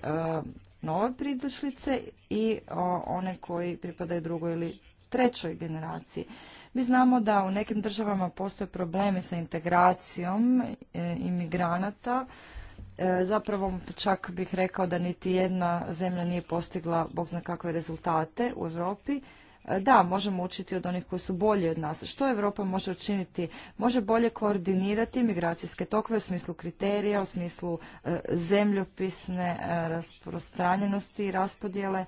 nove pridošlice i one koji pripadaju drugoj ili trećoj generaciji. Mi znamo da u nekim državama postoje problemi sa integracijom e, imigranata. E, zapravo čak bih rekao da niti jedna zemlja nije postigla, bog zna kakve rezultate u Europi E, da, možemo učiti od onih koji su bolji od nas. Što Europa može učiniti? Može bolje koordinirati migracijske tokove u smislu kriterija, u smislu e, zemljopisne e, rasprostranjenosti i raspodjele.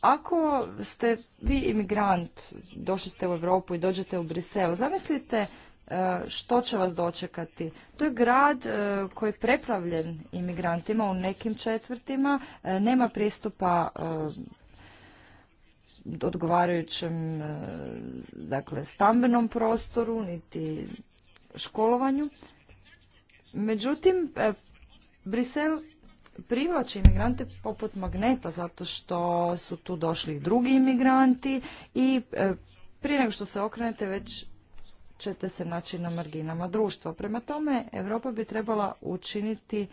ako ste vi imigrant, došli ste u Europu i dođete u Brisel, zamislite što će vas dočekati. To je grad koji je prepravljen imigrantima u nekim četvrtima, nema pristupa odgovarajućem e, dakle, stambenom prostoru, niti školovanju. Međutim, e, Brisel privlači imigrante poput magneta zato što su tu došli i drugi imigranti i e, prije nego što se okrenete već ćete se naći na marginama društva. Prema tome, Europa bi trebala učiniti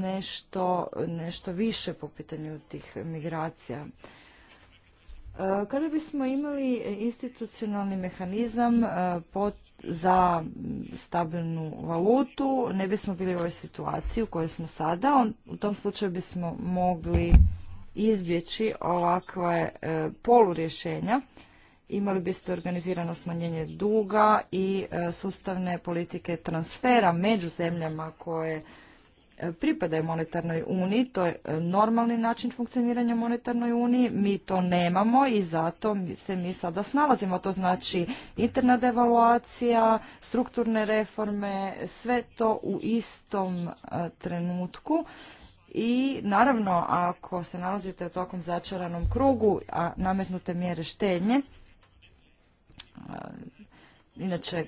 nešto, nešto više po pitanju tih migracija. Kada bismo imali institucionalni mehanizam e, pod, za stabilnu valutu, ne bismo bili u ovoj situaciji u kojoj smo sada. On, u tom slučaju bismo mogli izbjeći ovakve e, polurješenja. Imali biste organizirano smanjenje duga i e, sustavne politike transfera među zemljama koje pripadaju monetarnoj uniji, to je e, normalni način funkcioniranja monetarnoj uniji, mi to nemamo i zato se mi sada snalazimo, to znači interna devaluacija, strukturne reforme, sve to u istom e, trenutku. I naravno, ako se nalazite u tokom začaranom krugu, a nametnute mjere štednje, e, inače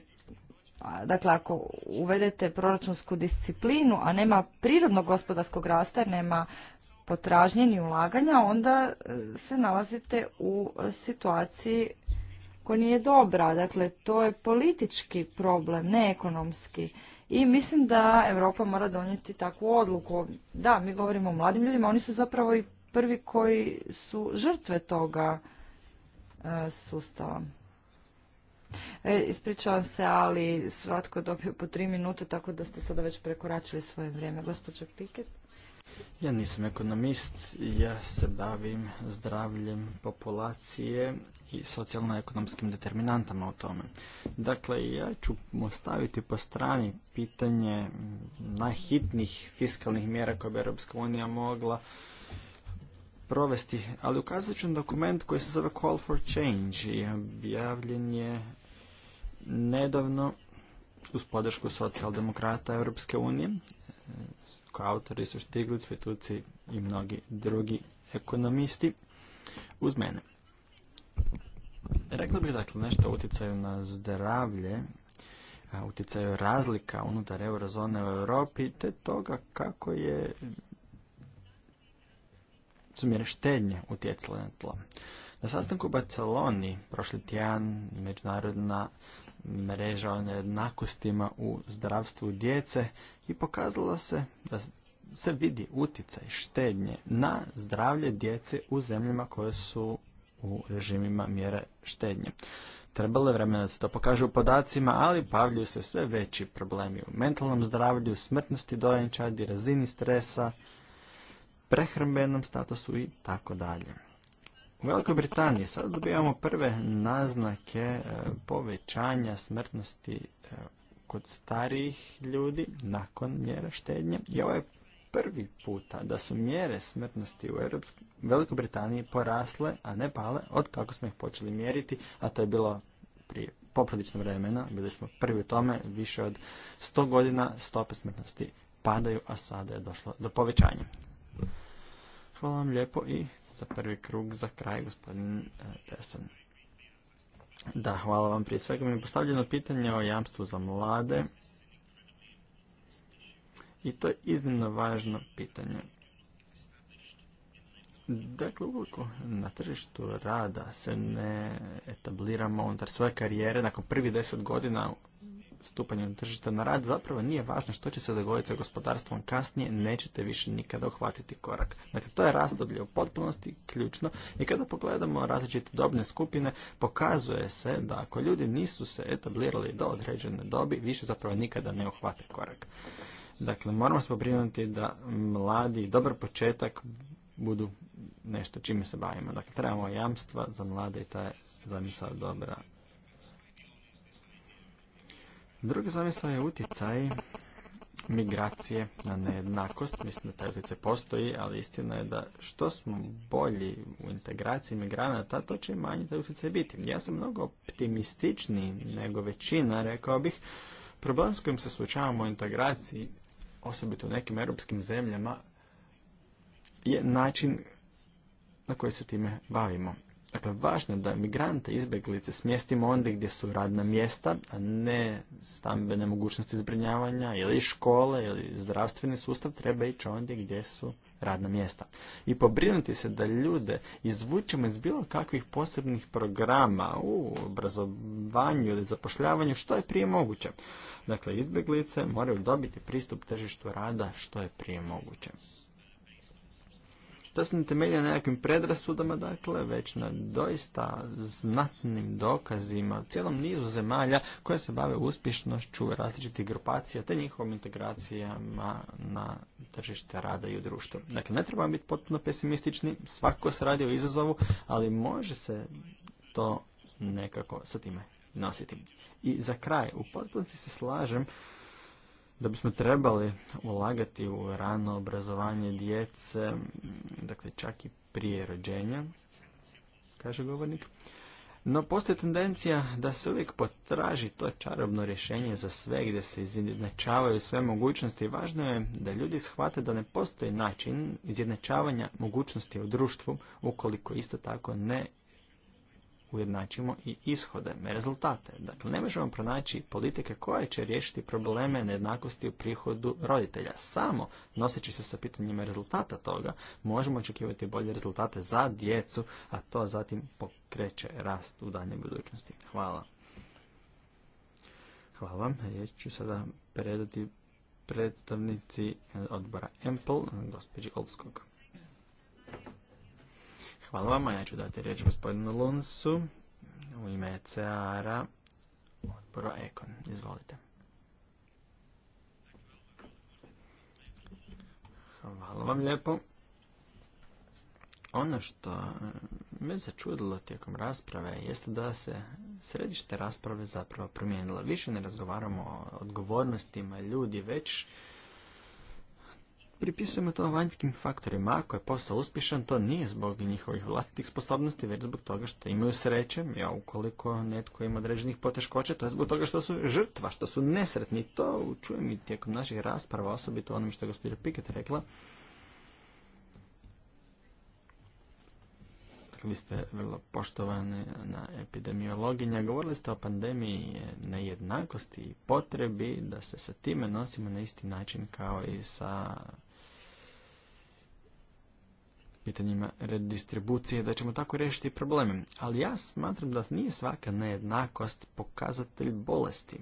Dakle, ako uvedete proračunsku disciplinu, a nema prirodnog gospodarskog rasta, nema potražnje ni ulaganja, onda e, se nalazite u situaciji koja nije dobra. Dakle, to je politički problem, ne ekonomski. I mislim da Europa mora donijeti takvu odluku. Da, mi govorimo o mladim ljudima, oni su zapravo i prvi koji su žrtve toga e, sustava. E, ispričavam se, ali svatko je dobio po tri minute, tako da ste sada već prekoračili svoje vrijeme. Gospođo Piket.
Ja nisam ekonomist, ja se bavim zdravljem populacije i socijalno-ekonomskim determinantama u tome. Dakle, ja ću staviti po strani pitanje najhitnijih fiskalnih mjera koje bi Europska unija mogla provesti, ali ukazat ću na dokument koji se zove Call for Change i objavljen je nedavno uz podršku socijaldemokrata Europske unije, e, kao autori su štigli, cvetuci i mnogi drugi ekonomisti, uz mene. Rekla bih dakle nešto o utjecaju na zdravlje, utjecaju razlika unutar eurozone u Europi, te toga kako je sumjere štednje na tlo. Na sastanku u Barceloni prošli tjedan međunarodna mreža o nejednakostima u zdravstvu djece i pokazalo se da se vidi utjecaj štednje na zdravlje djece u zemljama koje su u režimima mjere štednje. Trebalo je vremena da se to pokaže u podacima, ali pavljuju se sve veći problemi u mentalnom zdravlju, smrtnosti dojenčadi, razini stresa, prehrambenom statusu i tako dalje. U Velikoj Britaniji sad dobijamo prve naznake e, povećanja smrtnosti e, kod starijih ljudi nakon mjera štednje i ovo je prvi puta da su mjere smrtnosti u Velikoj Britaniji porasle, a ne pale, od kako smo ih počeli mjeriti, a to je bilo prije poprilično vremena, bili smo prvi u tome, više od 100 godina stope smrtnosti padaju, a sada je došlo do povećanja. Hvala vam lijepo i za prvi krug za kraj, gospodin e, Pesan. Da, hvala vam. Prije svega mi je postavljeno pitanje o jamstvu za mlade. I to je iznimno važno pitanje. Dakle, ukoliko na tržištu rada se ne etabliramo unutar svoje karijere, nakon prvi deset godina stupanjem tržišta na rad, zapravo nije važno što će se dogoditi sa gospodarstvom kasnije, nećete više nikada uhvatiti korak. Dakle, to je razdoblje u potpunosti ključno i kada pogledamo različite dobne skupine, pokazuje se da ako ljudi nisu se etablirali do određene dobi, više zapravo nikada ne uhvate korak. Dakle, moramo se pobrinuti da mladi, dobar početak, budu nešto čime se bavimo. Dakle, trebamo jamstva za mlade i ta je zamisao dobra Druga zamisao je utjecaj migracije na nejednakost. Mislim da taj utjecaj postoji, ali istina je da što smo bolji u integraciji migranata, to će manje taj utjecaj biti. Ja sam mnogo optimističniji nego većina, rekao bih. Problem s kojim se slučavamo u integraciji, osobito u nekim europskim zemljama, je način na koji se time bavimo. Dakle, važno je da migrante, izbjeglice smjestimo onda gdje su radna mjesta, a ne stambene mogućnosti zbrinjavanja ili škole ili zdravstveni sustav treba ići ondje gdje su radna mjesta. I pobrinuti se da ljude izvučemo iz bilo kakvih posebnih programa u obrazovanju ili zapošljavanju što je prije moguće. Dakle, izbjeglice moraju dobiti pristup tržištu rada što je prije moguće što se ne temelji na nekakvim predrasudama, dakle, već na doista znatnim dokazima u cijelom nizu zemalja koje se bave uspješnošću različitih grupacija te njihovim integracijama na tržište rada i u društvu. Dakle, ne trebamo biti potpuno pesimistični, svako se radi o izazovu, ali može se to nekako sa time nositi. I za kraj, u potpunosti se slažem da bismo trebali ulagati u rano obrazovanje djece, dakle čak i prije rođenja, kaže govornik. No postoji tendencija da se uvijek potraži to čarobno rješenje za sve gdje se izjednačavaju sve mogućnosti. Važno je da ljudi shvate da ne postoji način izjednačavanja mogućnosti u društvu ukoliko isto tako ne ujednačimo i ishode, rezultate. Dakle, ne možemo pronaći politike koje će riješiti probleme nejednakosti u prihodu roditelja. Samo noseći se sa pitanjima rezultata toga, možemo očekivati bolje rezultate za djecu, a to zatim pokreće rast u daljnjoj budućnosti. Hvala. Hvala vam. Riječ ću sada predati predstavnici odbora EMPL, gospođi Olskog. Hvala vam, ja ću dati riječ gospodinu Lunsu u ime e CR-a odbora Ekon. Izvolite. Hvala vam lijepo. Ono što me začudilo tijekom rasprave jeste da se središte rasprave zapravo promijenilo. Više ne razgovaramo o odgovornostima ljudi, već pripisujemo to vanjskim faktorima. Ako je posao uspješan, to nije zbog njihovih vlastitih sposobnosti, već zbog toga što imaju sreće. Ja, ukoliko netko ima određenih poteškoća, to je zbog toga što su žrtva, što su nesretni. To čujem i tijekom naših rasprava, osobito onom što je gospođa Piket rekla. vi ste vrlo poštovane na epidemiologinja. Govorili ste o pandemiji nejednakosti i potrebi da se sa time nosimo na isti način kao i sa pitanjima redistribucije, da ćemo tako riješiti probleme. Ali ja smatram da nije svaka nejednakost pokazatelj bolesti.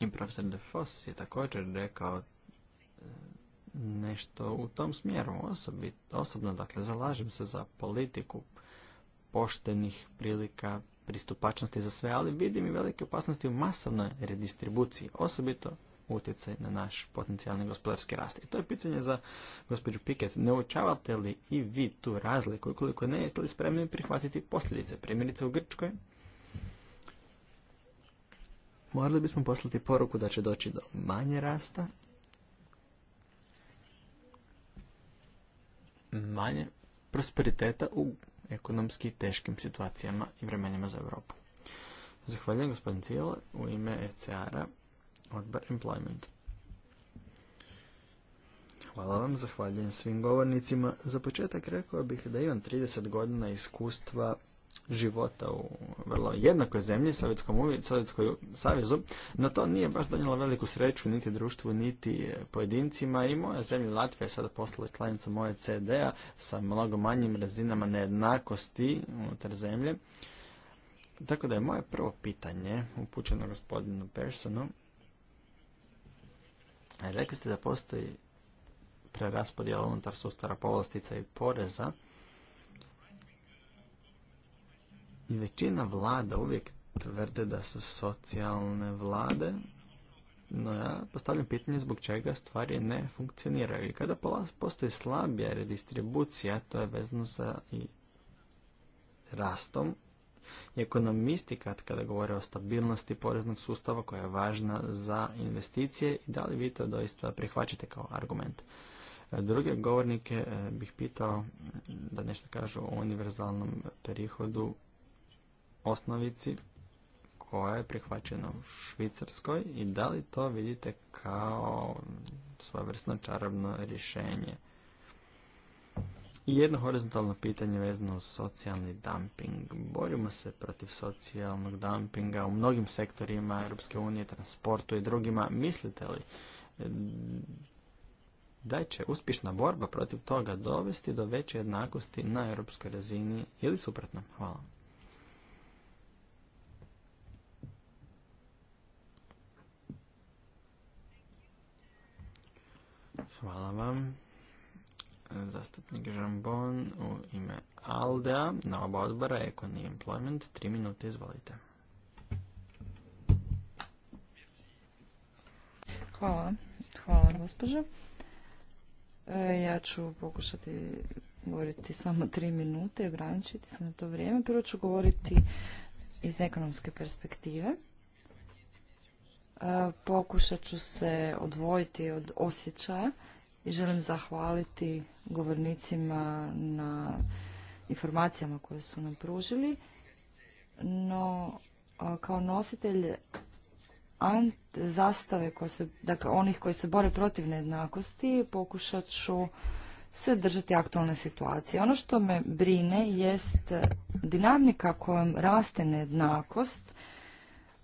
I profesor DeFos je također rekao e, nešto u tom smjeru. osobno, dakle, zalažem se za politiku poštenih prilika pristupačnosti za sve, ali vidim i velike opasnosti u masovnoj redistribuciji, osobito utjecaj na naš potencijalni gospodarski rast. I to je pitanje za gospođu Piket. Ne uočavate li i vi tu razliku i koliko ne jeste li spremni prihvatiti posljedice? Primjerice u Grčkoj morali bismo poslati poruku da će doći do manje rasta, manje prosperiteta u ekonomski teškim situacijama i vremenima za Europu. Zahvaljujem gospodin Cijela u ime ECR-a odbor Employment. Hvala vam, zahvaljujem svim govornicima. Za početak rekao bih da imam 30 godina iskustva života u vrlo jednakoj zemlji, Sovjetskom Sovjetskoj savezu, no to nije baš donijelo veliku sreću niti društvu, niti pojedincima i moja zemlja Latvija je sada postala članica moje CD-a sa mnogo manjim razinama nejednakosti unutar zemlje. Tako da je moje prvo pitanje upućeno gospodinu Personu E, rekli ste da postoji preraspodjela unutar sustava povlastica i poreza i većina vlada uvijek tvrde da su socijalne vlade, no ja postavljam pitanje zbog čega stvari ne funkcioniraju. I kada postoji slabija redistribucija, to je vezano sa i rastom i ekonomisti kad kada govore o stabilnosti poreznog sustava koja je važna za investicije i da li vi to doista prihvaćate kao argument. E, druge govornike e, bih pitao mm, da nešto kažu o univerzalnom prihodu osnovici koja je prihvaćena u Švicarskoj i da li to vidite kao svojevrsno čarobno rješenje i jedno horizontalno pitanje vezano uz socijalni dumping. Borimo se protiv socijalnog dumpinga u mnogim sektorima Europske unije, transportu i drugima. Mislite li e, da će uspješna borba protiv toga dovesti do veće jednakosti na europskoj razini ili suprotno? Hvala. Hvala vam zastupnik Žambon u ime Aldea na oba odbora Econ i Employment. Tri minute, izvolite.
Hvala. Hvala, gospođo. E, ja ću pokušati govoriti samo tri minute i ograničiti se na to vrijeme. Prvo ću govoriti iz ekonomske perspektive. E, pokušat ću se odvojiti od osjećaja i želim zahvaliti govornicima na informacijama koje su nam pružili. No, kao nositelj zastave dakle, onih koji se bore protiv nejednakosti pokušat ću se držati aktualne situacije. Ono što me brine jest dinamika kojom raste nejednakost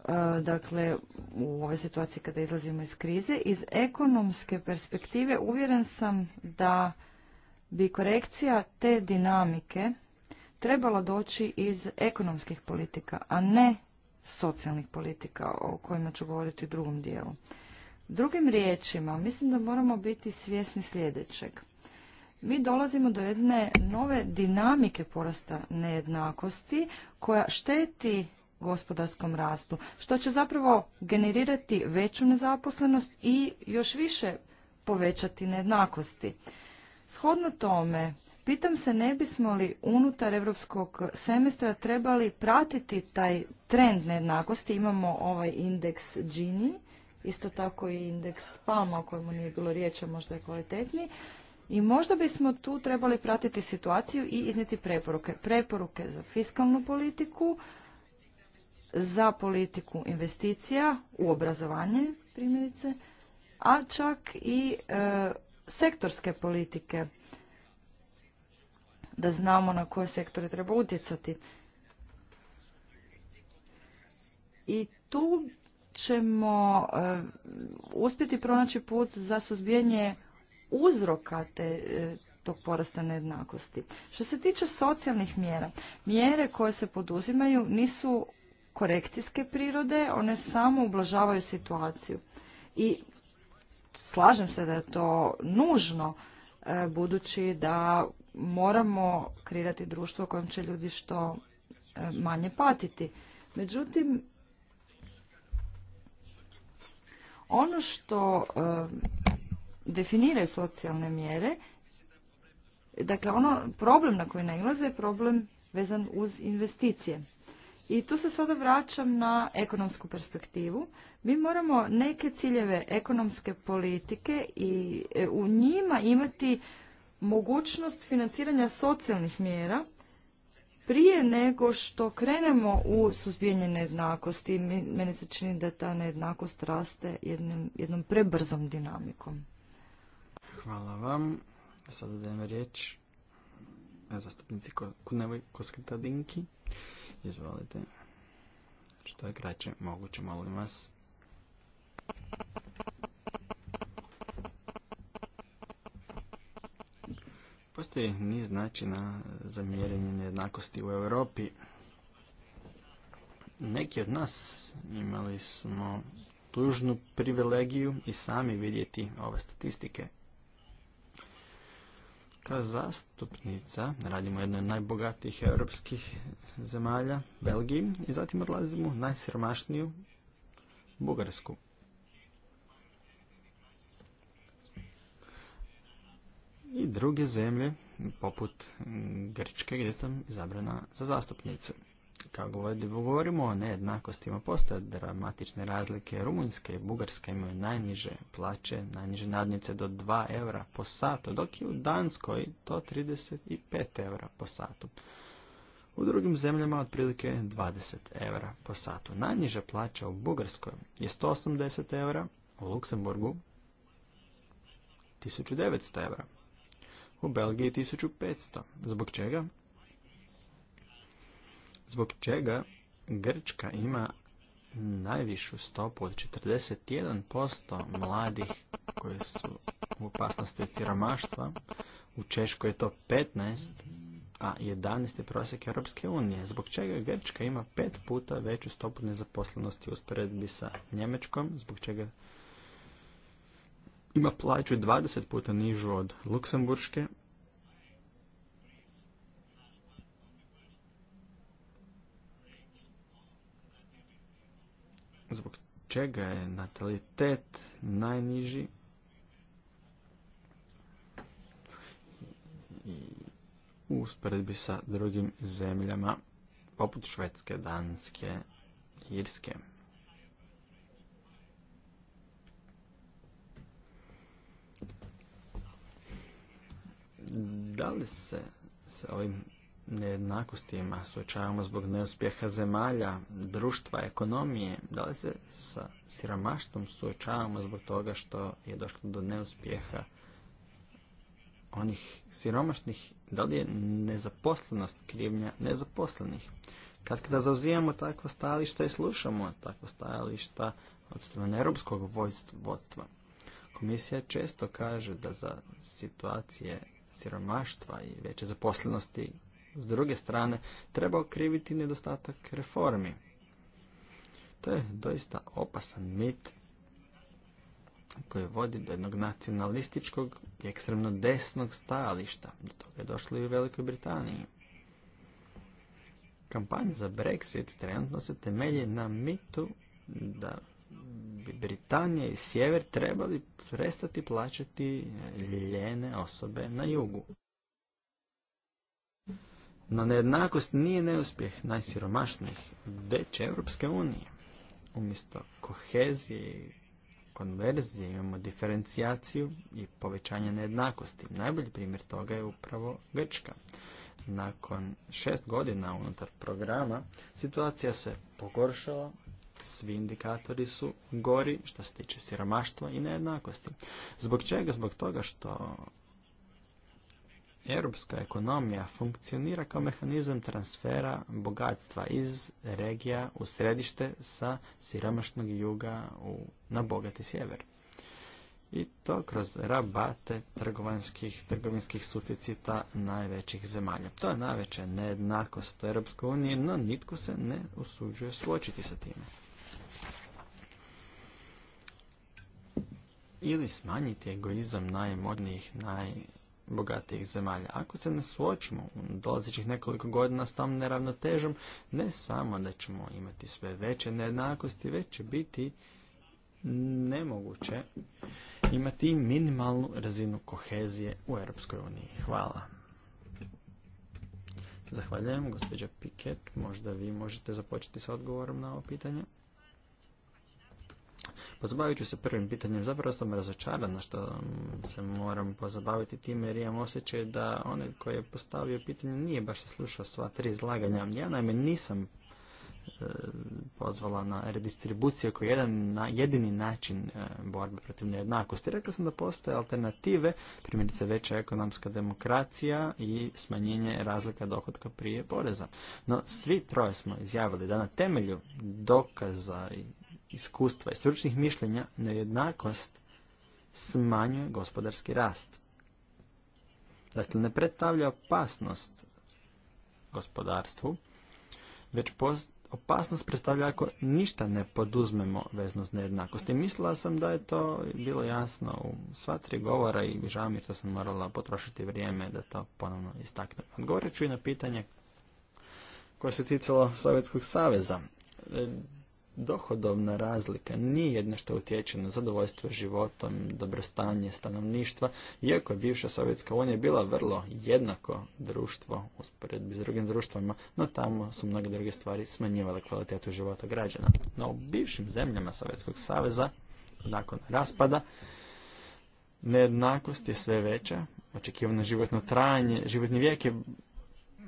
E, dakle u ovoj situaciji kada izlazimo iz krize. Iz ekonomske perspektive uvjeren sam da bi korekcija te dinamike trebala doći iz ekonomskih politika, a ne socijalnih politika o kojima ću govoriti u drugom dijelu. Drugim riječima, mislim da moramo biti svjesni sljedećeg. Mi dolazimo do jedne nove dinamike porasta nejednakosti koja šteti gospodarskom rastu, što će zapravo generirati veću nezaposlenost i još više povećati nejednakosti. Shodno tome, pitam se ne bismo li unutar europskog semestra trebali pratiti taj trend nejednakosti. Imamo ovaj indeks Gini, isto tako i indeks Palma o kojemu nije bilo riječi, možda je kvalitetniji. I možda bismo tu trebali pratiti situaciju i iznijeti preporuke. Preporuke za fiskalnu politiku, za politiku investicija u obrazovanje primjerice, a čak i e, sektorske politike da znamo na koje sektore treba utjecati. I tu ćemo e, uspjeti pronaći put za suzbijanje uzroka te, e, tog porasta nejednakosti. Što se tiče socijalnih mjera, mjere koje se poduzimaju nisu korekcijske prirode, one samo ublažavaju situaciju. I slažem se da je to nužno e, budući da moramo kreirati društvo u kojem će ljudi što e, manje patiti. Međutim, ono što e, definiraju socijalne mjere, dakle ono problem na koji nailaze je problem vezan uz investicije. I tu se sada vraćam na ekonomsku perspektivu. Mi moramo neke ciljeve ekonomske politike i e, u njima imati mogućnost financiranja socijalnih mjera prije nego što krenemo u suzbijanje nejednakosti. Mene se čini da ta nejednakost raste jednom prebrzom dinamikom.
Hvala vam. Sada dajem riječ e, zastupnici Kunevoj Dinki. Izvolite. Što znači, je kraće moguće, molim vas. Postoji niz načina za mjerenje nejednakosti u Europi. Neki od nas imali smo tužnu privilegiju i sami vidjeti ove statistike. Kao zastupnica radimo u jednoj od najbogatijih europskih zemalja, Belgiji, i zatim odlazimo u najsiromašniju Bugarsku. I druge zemlje, poput Grčke, gdje sam izabrana za zastupnice. Kao govorimo o nejednakostima, postoje dramatične razlike. Rumunjska i Bugarske imaju najniže plaće, najniže nadnice do 2 eura po satu, dok je u Danskoj to 35 eura po satu. U drugim zemljama otprilike 20 eura po satu. Najniža plaća u Bugarskoj je 180 eura, u Luksemburgu 1900 eura, u Belgiji 1500. Zbog čega? zbog čega Grčka ima najvišu stopu od 41% mladih koji su u opasnosti od siromaštva. U Češkoj je to 15, a 11 je prosjek Europske unije. Zbog čega Grčka ima pet puta veću stopu nezaposlenosti u usporedbi sa Njemečkom, zbog čega ima plaću 20 puta nižu od Luksemburške, zbog čega je natalitet najniži i u usporedbi sa drugim zemljama poput Švedske, Danske, Irske. Da li se sa ovim nejednakostima suočavamo zbog neuspjeha zemalja, društva, ekonomije? Da li se sa siromaštvom suočavamo zbog toga što je došlo do neuspjeha onih siromašnih? Da li je nezaposlenost krivnja nezaposlenih? Kad kada zauzijamo takva stajališta i slušamo takva stajališta od strane europskog vodstva, komisija često kaže da za situacije siromaštva i veće zaposlenosti s druge strane treba okriviti nedostatak reformi. To je doista opasan mit koji vodi do jednog nacionalističkog i ekstremno desnog stajališta. Do toga je došlo i u Velikoj Britaniji. Kampanja za Brexit trenutno se temelji na mitu da bi Britanija i Sjever trebali prestati plaćati ljene osobe na jugu. No nejednakost nije neuspjeh najsiromašnijih, već Europske unije. Umjesto kohezije i konverzije imamo diferencijaciju i povećanje nejednakosti. Najbolji primjer toga je upravo Grčka. Nakon šest godina unutar programa situacija se pogoršala, svi indikatori su gori što se tiče siromaštva i nejednakosti. Zbog čega? Zbog toga što Europska ekonomija funkcionira kao mehanizam transfera bogatstva iz regija u središte sa siromašnog juga u, na bogati sjever. I to kroz rabate trgovanskih, trgovinskih suficita najvećih zemalja. To je najveća nejednakost u Europskoj no nitko se ne usuđuje suočiti sa time. Ili smanjiti egoizam najmodnijih, naj bogatijih zemalja. Ako se ne suočimo u dolazećih nekoliko godina s tom neravnotežom, ne samo da ćemo imati sve veće nejednakosti, već će biti nemoguće imati minimalnu razinu kohezije u Europskoj uniji. Hvala. Zahvaljujem, gospođa Piket. Možda vi možete započeti sa odgovorom na ovo pitanje. Pozabavit ću se prvim pitanjem. Zapravo sam razočaran što se moram pozabaviti time jer imam osjećaj da onaj koji je postavio pitanje nije baš slušao sva tri izlaganja. Ja naime nisam e, pozvala na redistribuciju kao jedan na, jedini način e, borbe protiv nejednakosti. Rekla sam da postoje alternative, primjerice veća ekonomska demokracija i smanjenje razlika dohotka prije poreza. No, svi troje smo izjavili da na temelju dokaza i iskustva i stručnih mišljenja nejednakost smanjuje gospodarski rast. Dakle, ne predstavlja opasnost gospodarstvu, već opasnost predstavlja ako ništa ne poduzmemo vezno s nejednakosti. Mislila sam da je to bilo jasno u sva tri govora i žao mi što sam morala potrošiti vrijeme da to ponovno istaknem. Odgovorit ću i na pitanje koje se ticalo Sovjetskog saveza. E, dohodovna razlika nije jedno što utječe na zadovoljstvo životom, dobrostanje stanovništva, iako je bivša Sovjetska unija bila vrlo jednako društvo usporedbi s drugim društvima, no tamo su mnoge druge stvari smanjivale kvalitetu života građana. No u bivšim zemljama Sovjetskog saveza, nakon raspada, nejednakost je sve veća, očekivano životno trajanje, životni vijek je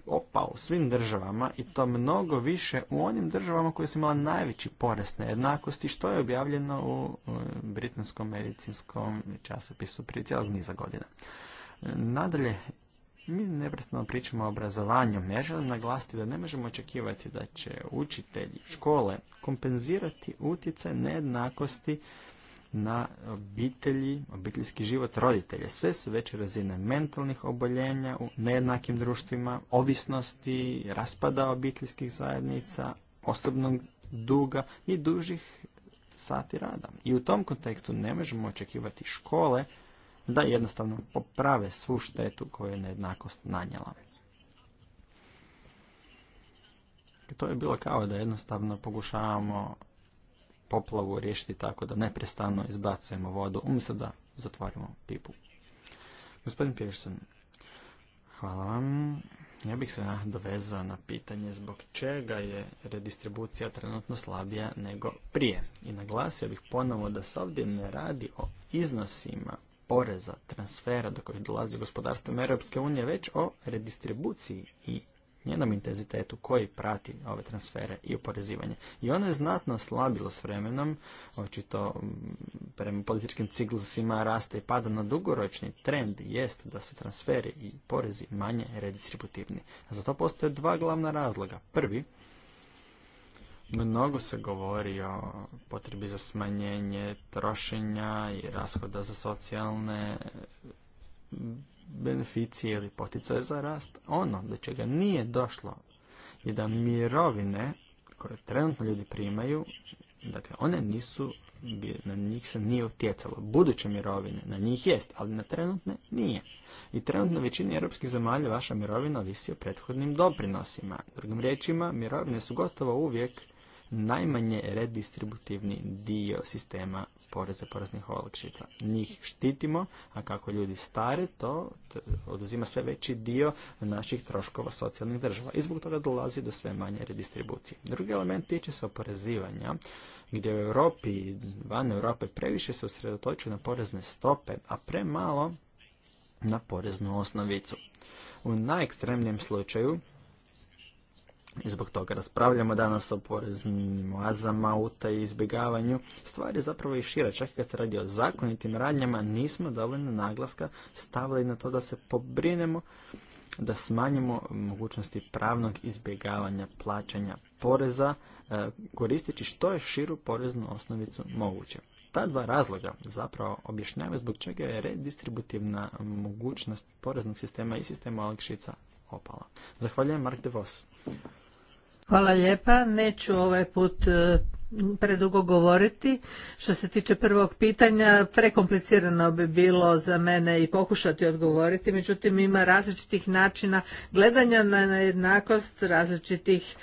opao u svim državama i to mnogo više u onim državama koje su imala najveći porez nejednakosti što je objavljeno u britanskom medicinskom časopisu prije cijelog niza godina. Nadalje, mi neprestano pričamo o obrazovanju. ja želim naglasiti da ne možemo očekivati da će učitelji škole kompenzirati utjecaj nejednakosti na obitelji, obiteljski život roditelja. Sve su veće razine mentalnih oboljenja u nejednakim društvima, ovisnosti, raspada obiteljskih zajednica, osobnog duga i dužih sati rada. I u tom kontekstu ne možemo očekivati škole da jednostavno poprave svu štetu koju je nejednakost nanjela. To je bilo kao da jednostavno pokušavamo poplavu riješiti tako da neprestano izbacujemo vodu umjesto da zatvorimo pipu. Gospodin Pearson, hvala vam. Ja bih se dovezao na pitanje zbog čega je redistribucija trenutno slabija nego prije. I naglasio bih ponovo da se ovdje ne radi o iznosima poreza, transfera do kojih dolazi gospodarstvo Europske unije, već o redistribuciji i njenom intenzitetu koji prati ove transfere i oporezivanje. I ono je znatno slabilo s vremenom, očito prema političkim ciklusima raste i pada na dugoročni trend jest da su transferi i porezi manje redistributivni. A za to postoje dva glavna razloga. Prvi, Mnogo se govori o potrebi za smanjenje trošenja i rashoda za socijalne beneficije ili poticaje za rast. Ono do čega nije došlo je da mirovine koje trenutno ljudi primaju, dakle one nisu, na njih se nije utjecalo. Buduće mirovine na njih jest, ali na trenutne nije. I trenutno većini europskih zemalja vaša mirovina visi o prethodnim doprinosima. Drugim riječima, mirovine su gotovo uvijek najmanje redistributivni dio sistema poreza poreznih olakšica. Njih štitimo, a kako ljudi stare, to oduzima sve veći dio naših troškova socijalnih država i zbog toga dolazi do sve manje redistribucije. Drugi element tiče se oporezivanja gdje u Europi van Europe previše se usredotočuju na porezne stope, a premalo na poreznu osnovicu. U najekstremnijem slučaju i zbog toga raspravljamo danas o poreznim oazama, utaj i izbjegavanju. Stvar je zapravo i šira. Čak i kad se radi o zakonitim radnjama, nismo dovoljno naglaska stavili na to da se pobrinemo da smanjimo mogućnosti pravnog izbjegavanja plaćanja poreza e, koristeći što je širu poreznu osnovicu moguće. Ta dva razloga zapravo objašnjavaju zbog čega je redistributivna mogućnost poreznog sistema i sistema olakšica opala. Zahvaljujem Mark DeVos.
Hvala lijepa. Neću ovaj put e, predugo govoriti. Što se tiče prvog pitanja, prekomplicirano bi bilo za mene i pokušati odgovoriti, međutim ima različitih načina gledanja na jednakost. različitih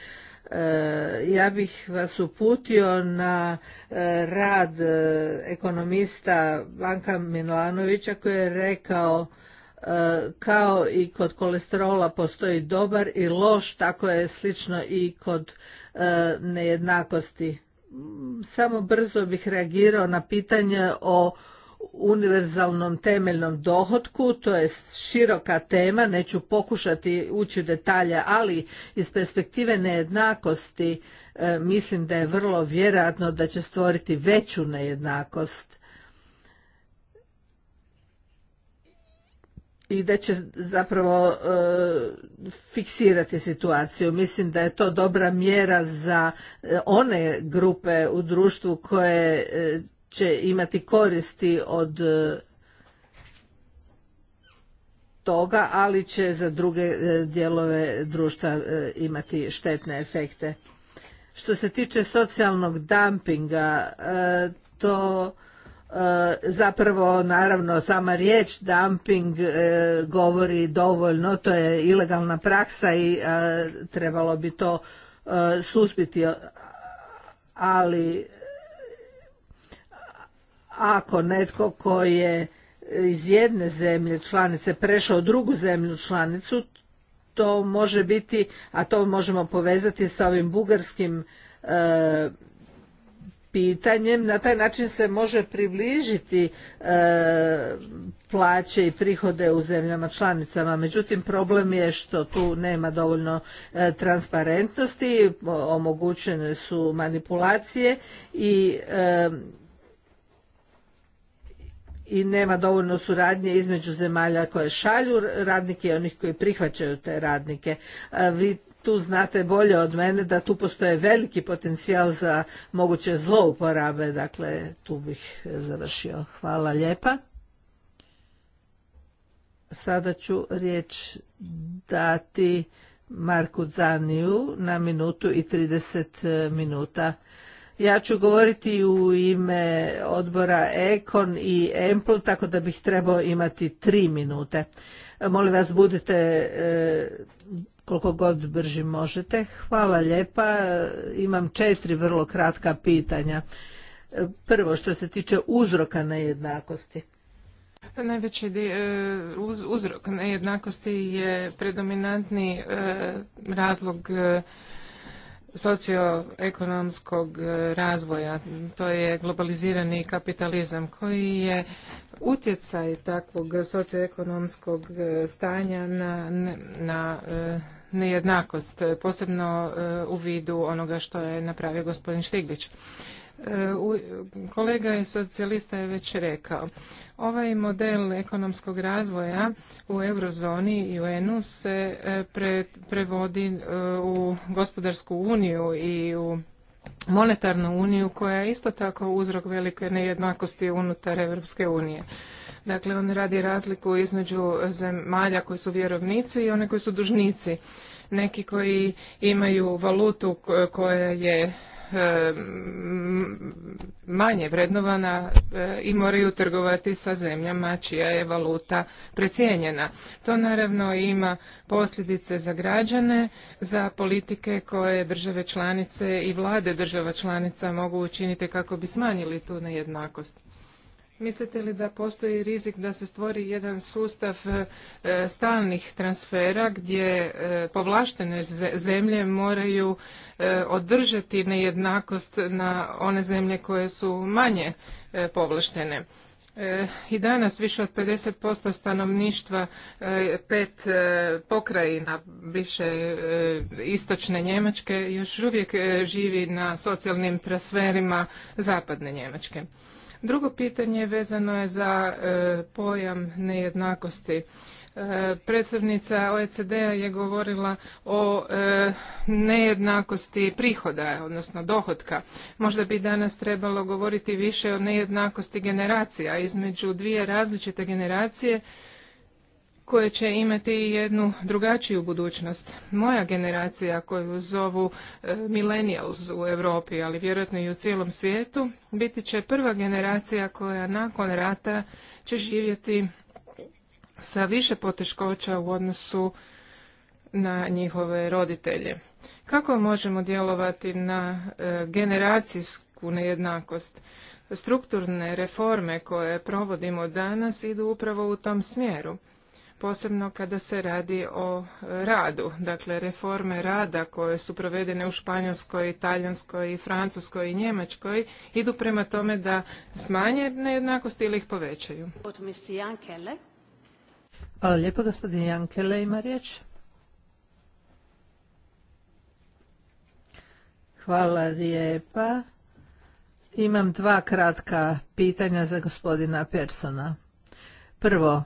e, ja bih vas uputio na e, rad ekonomista Banka Milanovića koji je rekao kao i kod kolesterola postoji dobar i loš, tako je slično i kod e, nejednakosti. Samo brzo bih reagirao na pitanje o univerzalnom temeljnom dohotku, to je široka tema, neću pokušati ući u detalje, ali iz perspektive nejednakosti e, mislim da je vrlo vjerojatno da će stvoriti veću nejednakost i da će zapravo e, fiksirati situaciju. Mislim da je to dobra mjera za e, one grupe u društvu koje e, će imati koristi od toga, ali će za druge dijelove društva imati štetne efekte. Što se tiče socijalnog dumpinga, to E, zapravo naravno sama riječ dumping e, govori dovoljno, to je ilegalna praksa i e, trebalo bi to suzbiti, ali ako netko koji je iz jedne zemlje članice prešao u drugu zemlju članicu, to može biti, a to možemo povezati sa ovim bugarskim pitanjem. Na taj način se može približiti e, plaće i prihode u zemljama članicama. Međutim, problem je što tu nema dovoljno e, transparentnosti, omogućene su manipulacije i e, i nema dovoljno suradnje između zemalja koje šalju radnike i onih koji prihvaćaju te radnike. Vi tu znate bolje od mene da tu postoje veliki potencijal za moguće zlouporabe, dakle tu bih e, završio. Hvala lijepa. Sada ću riječ dati Marku Zaniju na minutu i 30 e, minuta. Ja ću govoriti u ime odbora Ekon i Empl, tako da bih trebao imati tri minute. E, molim vas, budite koliko god brži možete. Hvala lijepa. Imam četiri vrlo kratka pitanja. Prvo što se tiče uzroka nejednakosti.
Najveći e, uzrok nejednakosti je predominantni e, razlog e, socioekonomskog razvoja. To je globalizirani kapitalizam koji je utjecaj takvog socioekonomskog stanja na, na nejednakost, posebno e, u vidu onoga što je napravio gospodin Štiglić. E, kolega je socijalista je već rekao, ovaj model ekonomskog razvoja u eurozoni i u ENU se e, prevodi u gospodarsku uniju i u monetarnu uniju koja je isto tako uzrok velike nejednakosti unutar Europske unije. Dakle, on radi razliku između zemalja koji su vjerovnici i one koji su dužnici. Neki koji imaju valutu koja je e, manje vrednovana e, i moraju trgovati sa zemljama čija je valuta precijenjena. To naravno ima posljedice za građane, za politike koje države članice i vlade država članica mogu učiniti kako bi smanjili tu nejednakost. Mislite li da postoji rizik da se stvori jedan sustav e, stalnih transfera gdje e, povlaštene zemlje moraju e, održati nejednakost na one zemlje koje su manje povlaštene? I danas više od 50% stanovništva pet pokrajina bivše istočne Njemačke još uvijek živi na socijalnim transferima zapadne Njemačke. Drugo pitanje vezano je za e, pojam nejednakosti. E, predstavnica OECD-a je govorila o e, nejednakosti prihoda, odnosno dohotka. Možda bi danas trebalo govoriti više o nejednakosti generacija između dvije različite generacije koje će imati jednu drugačiju budućnost. Moja generacija koju zovu e, millennials u Europi, ali vjerojatno i u cijelom svijetu, biti će prva generacija koja nakon rata će živjeti sa više poteškoća u odnosu na njihove roditelje. Kako možemo djelovati na e, generacijsku nejednakost? Strukturne reforme koje provodimo danas idu upravo u tom smjeru posebno kada se radi o radu. Dakle, reforme rada koje su provedene u Španjolskoj, Italijanskoj, Francuskoj i Njemačkoj idu prema tome da smanje nejednakosti
ili ih povećaju. Hvala lijepo, gospodin Jankele ima riječ. Hvala lijepa. Imam dva kratka pitanja za gospodina Persona. Prvo,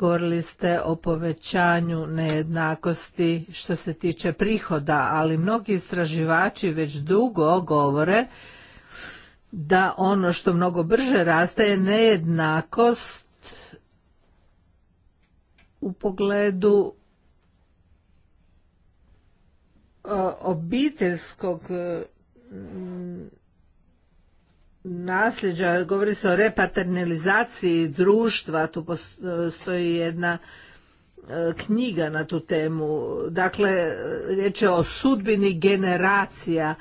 Govorili ste o povećanju nejednakosti što se tiče prihoda, ali mnogi istraživači već dugo govore da ono što mnogo brže raste je nejednakost u pogledu e, obiteljskog nasljeđa, govori se o repaternalizaciji društva, tu postoji e, jedna e, knjiga na tu temu. Dakle, riječ je o sudbini generacija.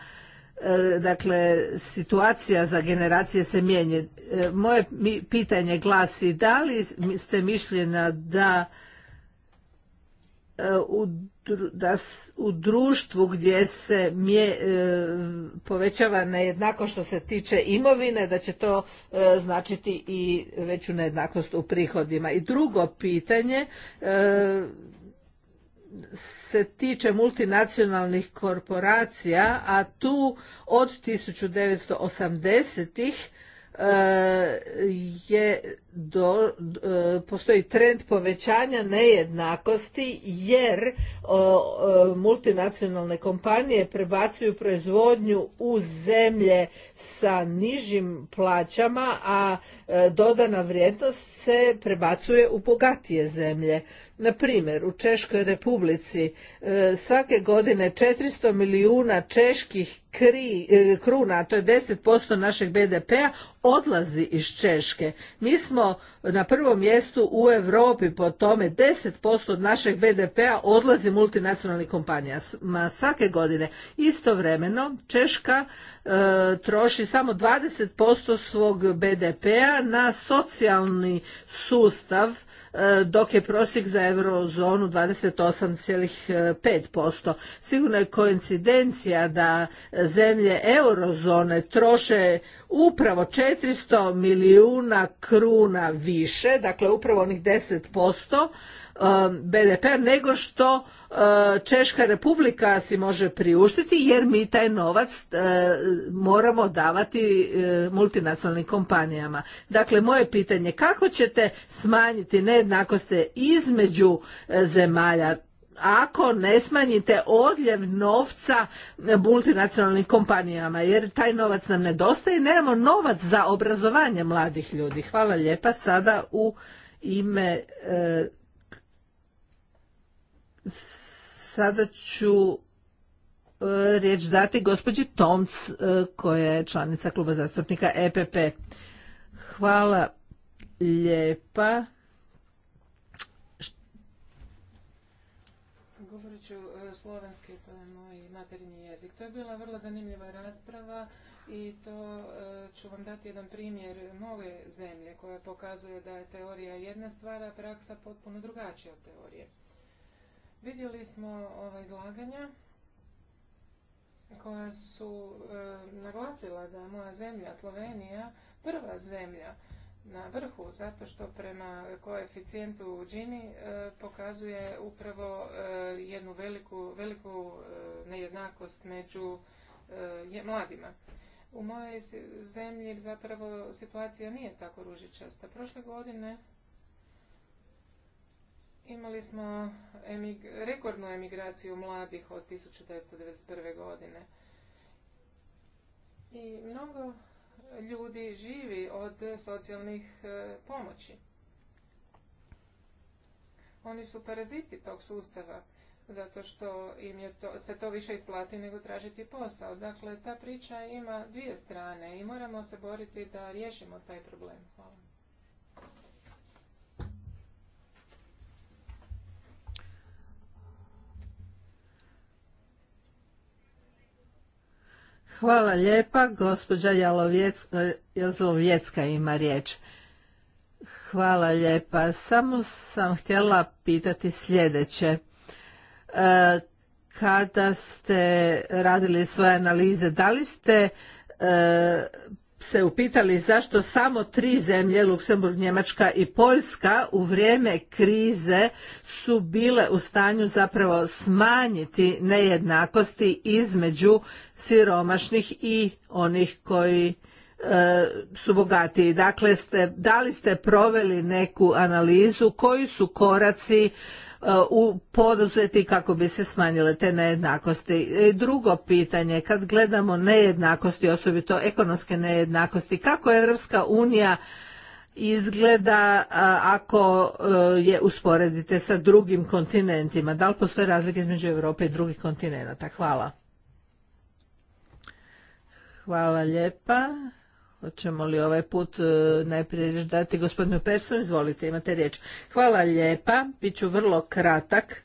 E, dakle, situacija za generacije se mijenje. Moje pitanje glasi da li ste mišljena da da u društvu gdje se mje, e, povećava nejednakost što se tiče imovine, da će to e, značiti i veću nejednakost u prihodima. I drugo pitanje e, se tiče multinacionalnih korporacija, a tu od 1980-ih E, je do, e, postoji trend povećanja nejednakosti jer multinacionalne kompanije prebacuju proizvodnju u zemlje sa nižim plaćama, a e, dodana vrijednost se prebacuje u bogatije zemlje. Na primjer, u Češkoj republici e, svake godine 400 milijuna čeških kri, e, kruna, a to je 10% našeg BDP-a, odlazi iz Češke. Mi smo na prvom mjestu u Europi po tome 10% od našeg BDP-a odlazi multinacionalnih kompanija svake godine. Istovremeno Češka e, troši samo 20% svog BDP-a na socijalni sustav E, dok je prosjek za eurozonu 28,5%. Sigurno je koincidencija da zemlje eurozone troše upravo 400 milijuna kruna više, dakle upravo onih 10%, Um, BDP nego što uh, Češka republika si može priuštiti jer mi taj novac uh, moramo davati uh, multinacionalnim kompanijama. Dakle, moje pitanje kako ćete smanjiti nejednakoste između zemalja ako ne smanjite odljev novca multinacionalnim kompanijama, jer taj novac nam nedostaje i nemamo novac za obrazovanje mladih ljudi. Hvala lijepa. Sada u ime Sada ću e, riječ dati gospođi Tomc e, koja je članica kluba zastupnika EPP. Hvala lijepa.
Govorit ću e, slovenski, to je moj materinji jezik. To je bila vrlo zanimljiva rasprava i to ću vam dati jedan primjer nove zemlje koja pokazuje da je teorija jedna stvar, a praksa potpuno drugačija od teorije. Vidjeli smo ova izlaganja koja su e, naglasila da je moja zemlja Slovenija prva zemlja na vrhu zato što prema koeficijentu Gini e, pokazuje upravo e, jednu veliku, nejednakost među mladima. U mojoj zemlji zapravo situacija nije tako ružičasta. Prošle godine Imali smo rekordnu emigraciju mladih od 1991. godine. I mnogo ljudi živi od socijalnih e, pomoći. Oni su paraziti tog sustava, zato što im je to, se to više isplati nego tražiti posao. Dakle, ta priča ima dvije strane i moramo se boriti da riješimo taj problem. Hvala.
Hvala lijepa. Gospođa Jalovjecka, ima riječ. Hvala lijepa. Samo sam htjela pitati sljedeće. E, kada ste radili svoje analize, da li ste e, se upitali zašto samo tri zemlje, Luksemburg, Njemačka i Poljska, u vrijeme krize su bile u stanju zapravo smanjiti nejednakosti između siromašnih i onih koji e, su bogatiji. Dakle, ste, da li ste proveli neku analizu, koji su koraci E, u poduzeti kako bi se smanjile te nejednakosti. E, drugo pitanje, kad gledamo nejednakosti, osobito ekonomske nejednakosti, kako Europska unija izgleda e, ako je usporedite sa drugim kontinentima? Da li postoje razlike između Europe i drugih kontinenta Hvala. Hvala lijepa. Hoćemo li ovaj put e, najprije reći dati gospodinu Personu? Izvolite, imate riječ. Hvala lijepa, bit ću vrlo kratak.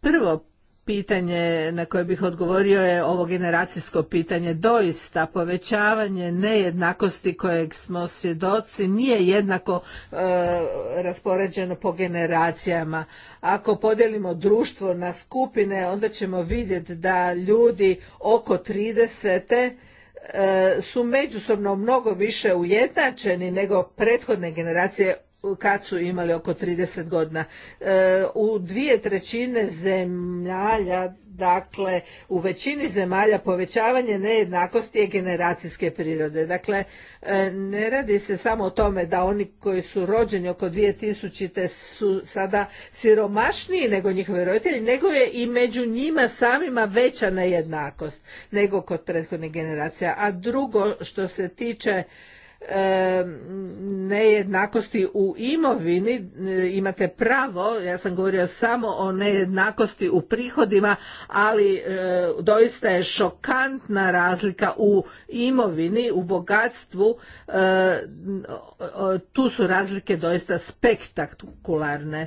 Prvo pitanje na koje bih odgovorio je ovo generacijsko pitanje. Doista povećavanje nejednakosti kojeg smo svjedoci nije jednako e, raspoređeno po generacijama. Ako podijelimo društvo na skupine onda ćemo vidjeti da ljudi oko 30 E, su međusobno mnogo više ujednačeni nego prethodne generacije kad su imali oko 30 godina. E, u dvije trećine zemalja, dakle u većini zemalja povećavanje nejednakosti je generacijske prirode. Dakle, e, ne radi se samo o tome da oni koji su rođeni oko 2000. su sada siromašniji nego njihovi roditelji, nego je i među njima samima veća nejednakost nego kod prethodnih generacija. A drugo što se tiče nejednakosti u imovini e, imate pravo ja sam govorio samo o nejednakosti u prihodima ali e, doista je šokantna razlika u imovini u bogatstvu e, tu su razlike doista spektakularne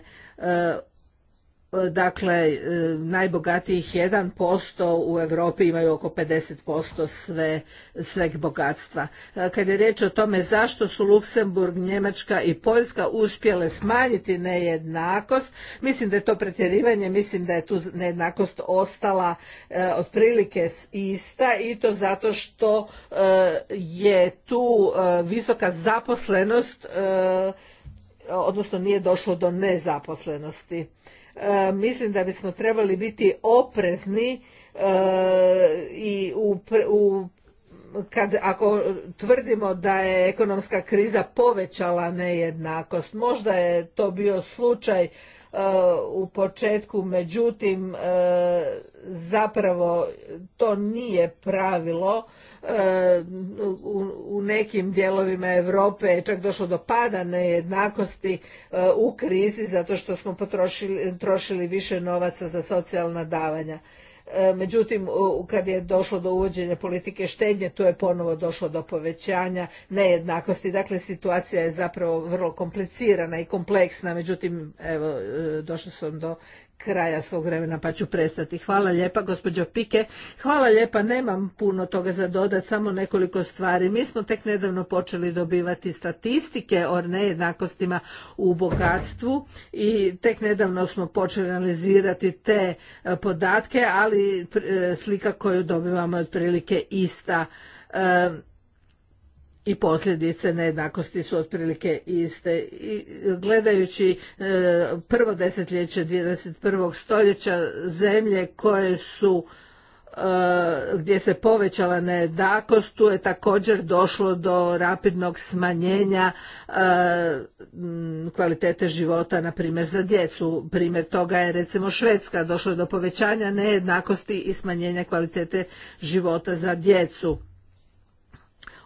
dakle e, najbogatijih 1% u Europi imaju oko 50% sve, sveg bogatstva. E, kad je riječ o tome zašto su Luksemburg, Njemačka i Poljska uspjele smanjiti nejednakost, mislim da je to pretjerivanje, mislim da je tu nejednakost ostala e, otprilike ista i to zato što je tu visoka zaposlenost odnosno nije došlo do nezaposlenosti. E, mislim da bismo trebali biti oprezni e, i u, u kad ako tvrdimo da je ekonomska kriza povećala nejednakost možda je to bio slučaj u početku, međutim e, zapravo to nije pravilo. E, u nekim dijelovima Europe je čak došlo do pada nejednakosti e, u krizi zato što smo potrošili trošili više novaca za socijalna davanja. E, međutim, kad je došlo do uvođenja politike štednje, tu je ponovo došlo do povećanja nejednakosti. Dakle, situacija je zapravo vrlo komplicirana i kompleksna. Međutim, evo, e, došlo sam do kraja svog vremena pa ću prestati. Hvala lijepa gospođo Pike. Hvala lijepa, nemam puno toga za dodat, samo nekoliko stvari. Mi smo tek nedavno počeli dobivati statistike o nejednakostima u bogatstvu i tek nedavno smo počeli analizirati te e, podatke, ali e, slika koju dobivamo je otprilike ista. E, i posljedice nejednakosti su otprilike iste. I gledajući e, prvo desetljeće 21. stoljeća zemlje koje su e, gdje se povećala nejednakost, tu je također došlo do rapidnog smanjenja e, kvalitete života, na primjer za djecu. Primjer toga je recimo Švedska, došlo je do povećanja nejednakosti i smanjenja kvalitete života za djecu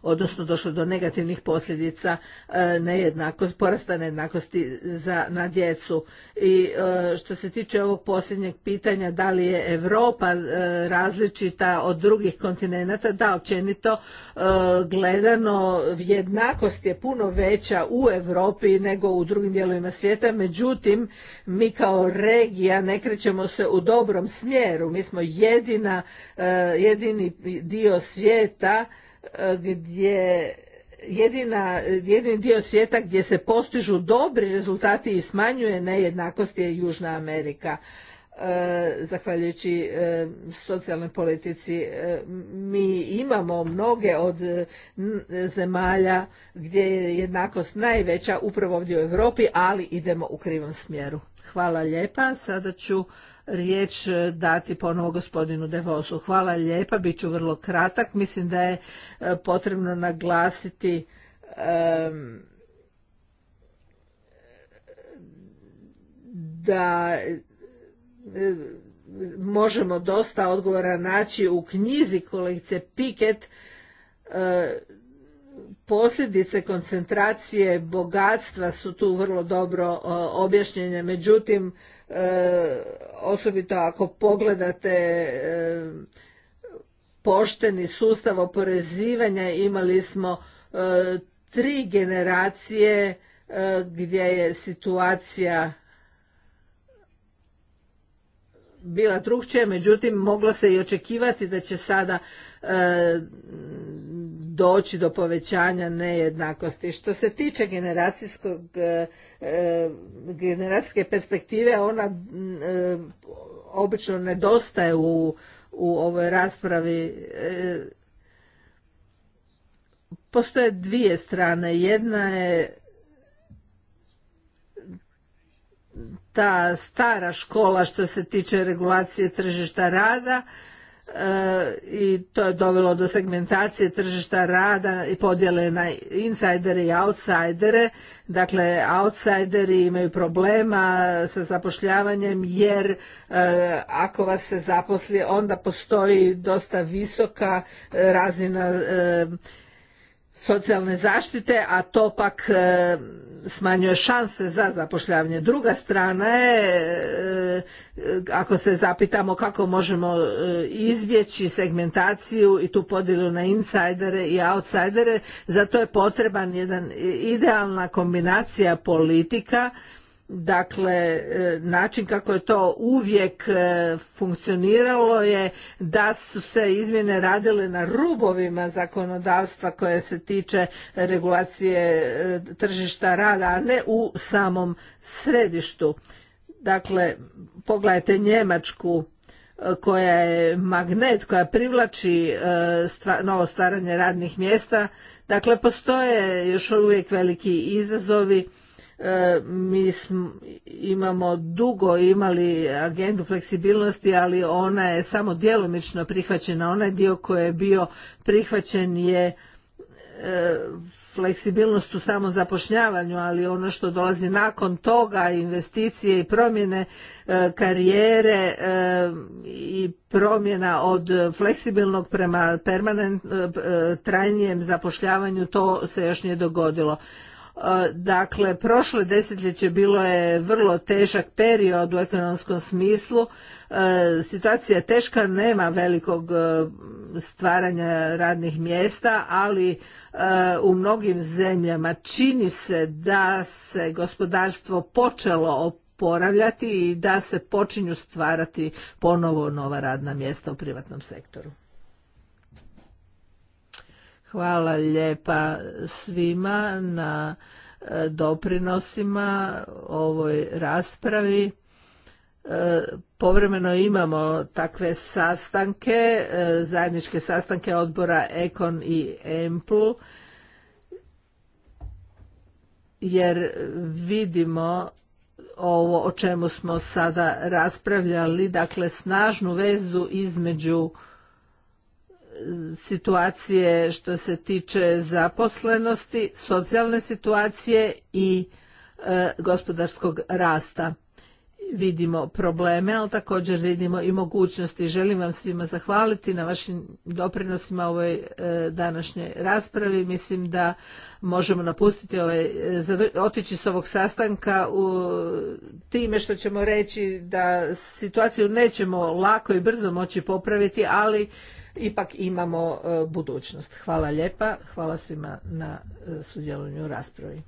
odnosno došlo do negativnih posljedica e, nejednakost, porasta nejednakosti za, na djecu. I e, što se tiče ovog posljednjeg pitanja, da li je Europa e, različita od drugih kontinenata, da općenito gledano jednakost je puno veća u Europi nego u drugim dijelovima svijeta, međutim mi kao regija ne krećemo se u dobrom smjeru, mi smo jedina, jedini dio svijeta gdje jedina, jedini dio svijeta gdje se postižu dobri rezultati i smanjuje nejednakost je Južna Amerika. E, zahvaljujući e, socijalnoj politici e, mi imamo mnoge od zemalja gdje je jednakost najveća upravo ovdje u Europi, ali idemo u krivom smjeru. Hvala lijepa. Sada ću riječ e, dati ponovo gospodinu Devosu. Hvala lijepa, bit ću vrlo kratak. Mislim da je e, potrebno naglasiti da e, možemo dosta odgovora naći u knjizi kolegice Piket posljedice koncentracije bogatstva su tu vrlo dobro objašnjene međutim E, osobito ako pogledate e, pošteni sustav oporezivanja imali smo e, tri generacije gdje je situacija bila drukčija, međutim moglo se i očekivati da će sada doći do povećanja nejednakosti. Što se tiče generacijskog, e, e, generacijske perspektive, ona e, obično nedostaje u, u ovoj raspravi. Postoje dvije strane. Jedna je ta stara škola što se tiče regulacije tržišta rada, i to je dovelo do segmentacije tržišta rada i podjele na insajdere i outsajdere. Dakle, outsajderi imaju problema sa zapošljavanjem jer e, ako vas se zaposli onda postoji dosta visoka razina e, socijalne zaštite, a to pak e, smanjuje šanse za zapošljavanje. Druga strana je, e, ako se zapitamo kako možemo e, izbjeći segmentaciju i tu podjelu na insajdere i outsajdere, zato je potreban jedan idealna kombinacija politika Dakle, e, način kako je to uvijek e, funkcioniralo je da su se izmjene radile na rubovima zakonodavstva koje se tiče regulacije e, tržišta rada, a ne u samom središtu. Dakle, pogledajte Njemačku koja je magnet, koja privlači novo stvaranje radnih mjesta. Dakle, postoje još uvijek veliki izazovi E, mi imamo dugo imali agendu fleksibilnosti, ali ona je samo djelomično prihvaćena. Onaj dio koji je bio prihvaćen je e, fleksibilnost u samozapošljavanju, ali ono što dolazi nakon toga, investicije i promjene e, karijere i promjena od fleksibilnog prema permanent trajnijem zapošljavanju, to se još nije dogodilo. E, dakle, prošle desetljeće bilo je vrlo težak period u ekonomskom smislu. E, situacija je teška, nema velikog e, stvaranja radnih mjesta, ali u mnogim zemljama čini se da se gospodarstvo počelo oporavljati i da se počinju stvarati ponovo nova radna mjesta u privatnom sektoru. Hvala lijepa svima na e, doprinosima ovoj raspravi. E, povremeno imamo takve sastanke, e, zajedničke sastanke odbora Ekon i Emplu, jer vidimo ovo o čemu smo sada raspravljali, dakle snažnu vezu između situacije što se tiče zaposlenosti, socijalne situacije i e, gospodarskog rasta. Vidimo probleme, ali također vidimo i mogućnosti. Želim vam svima zahvaliti na vašim doprinosima ovoj e, današnjoj raspravi. Mislim da možemo napustiti ovaj, e, otići s ovog sastanka u time što ćemo reći da situaciju nećemo lako i brzo moći popraviti, ali ipak imamo e, budućnost. Hvala lijepa, hvala svima na e, sudjelovanju u raspravi.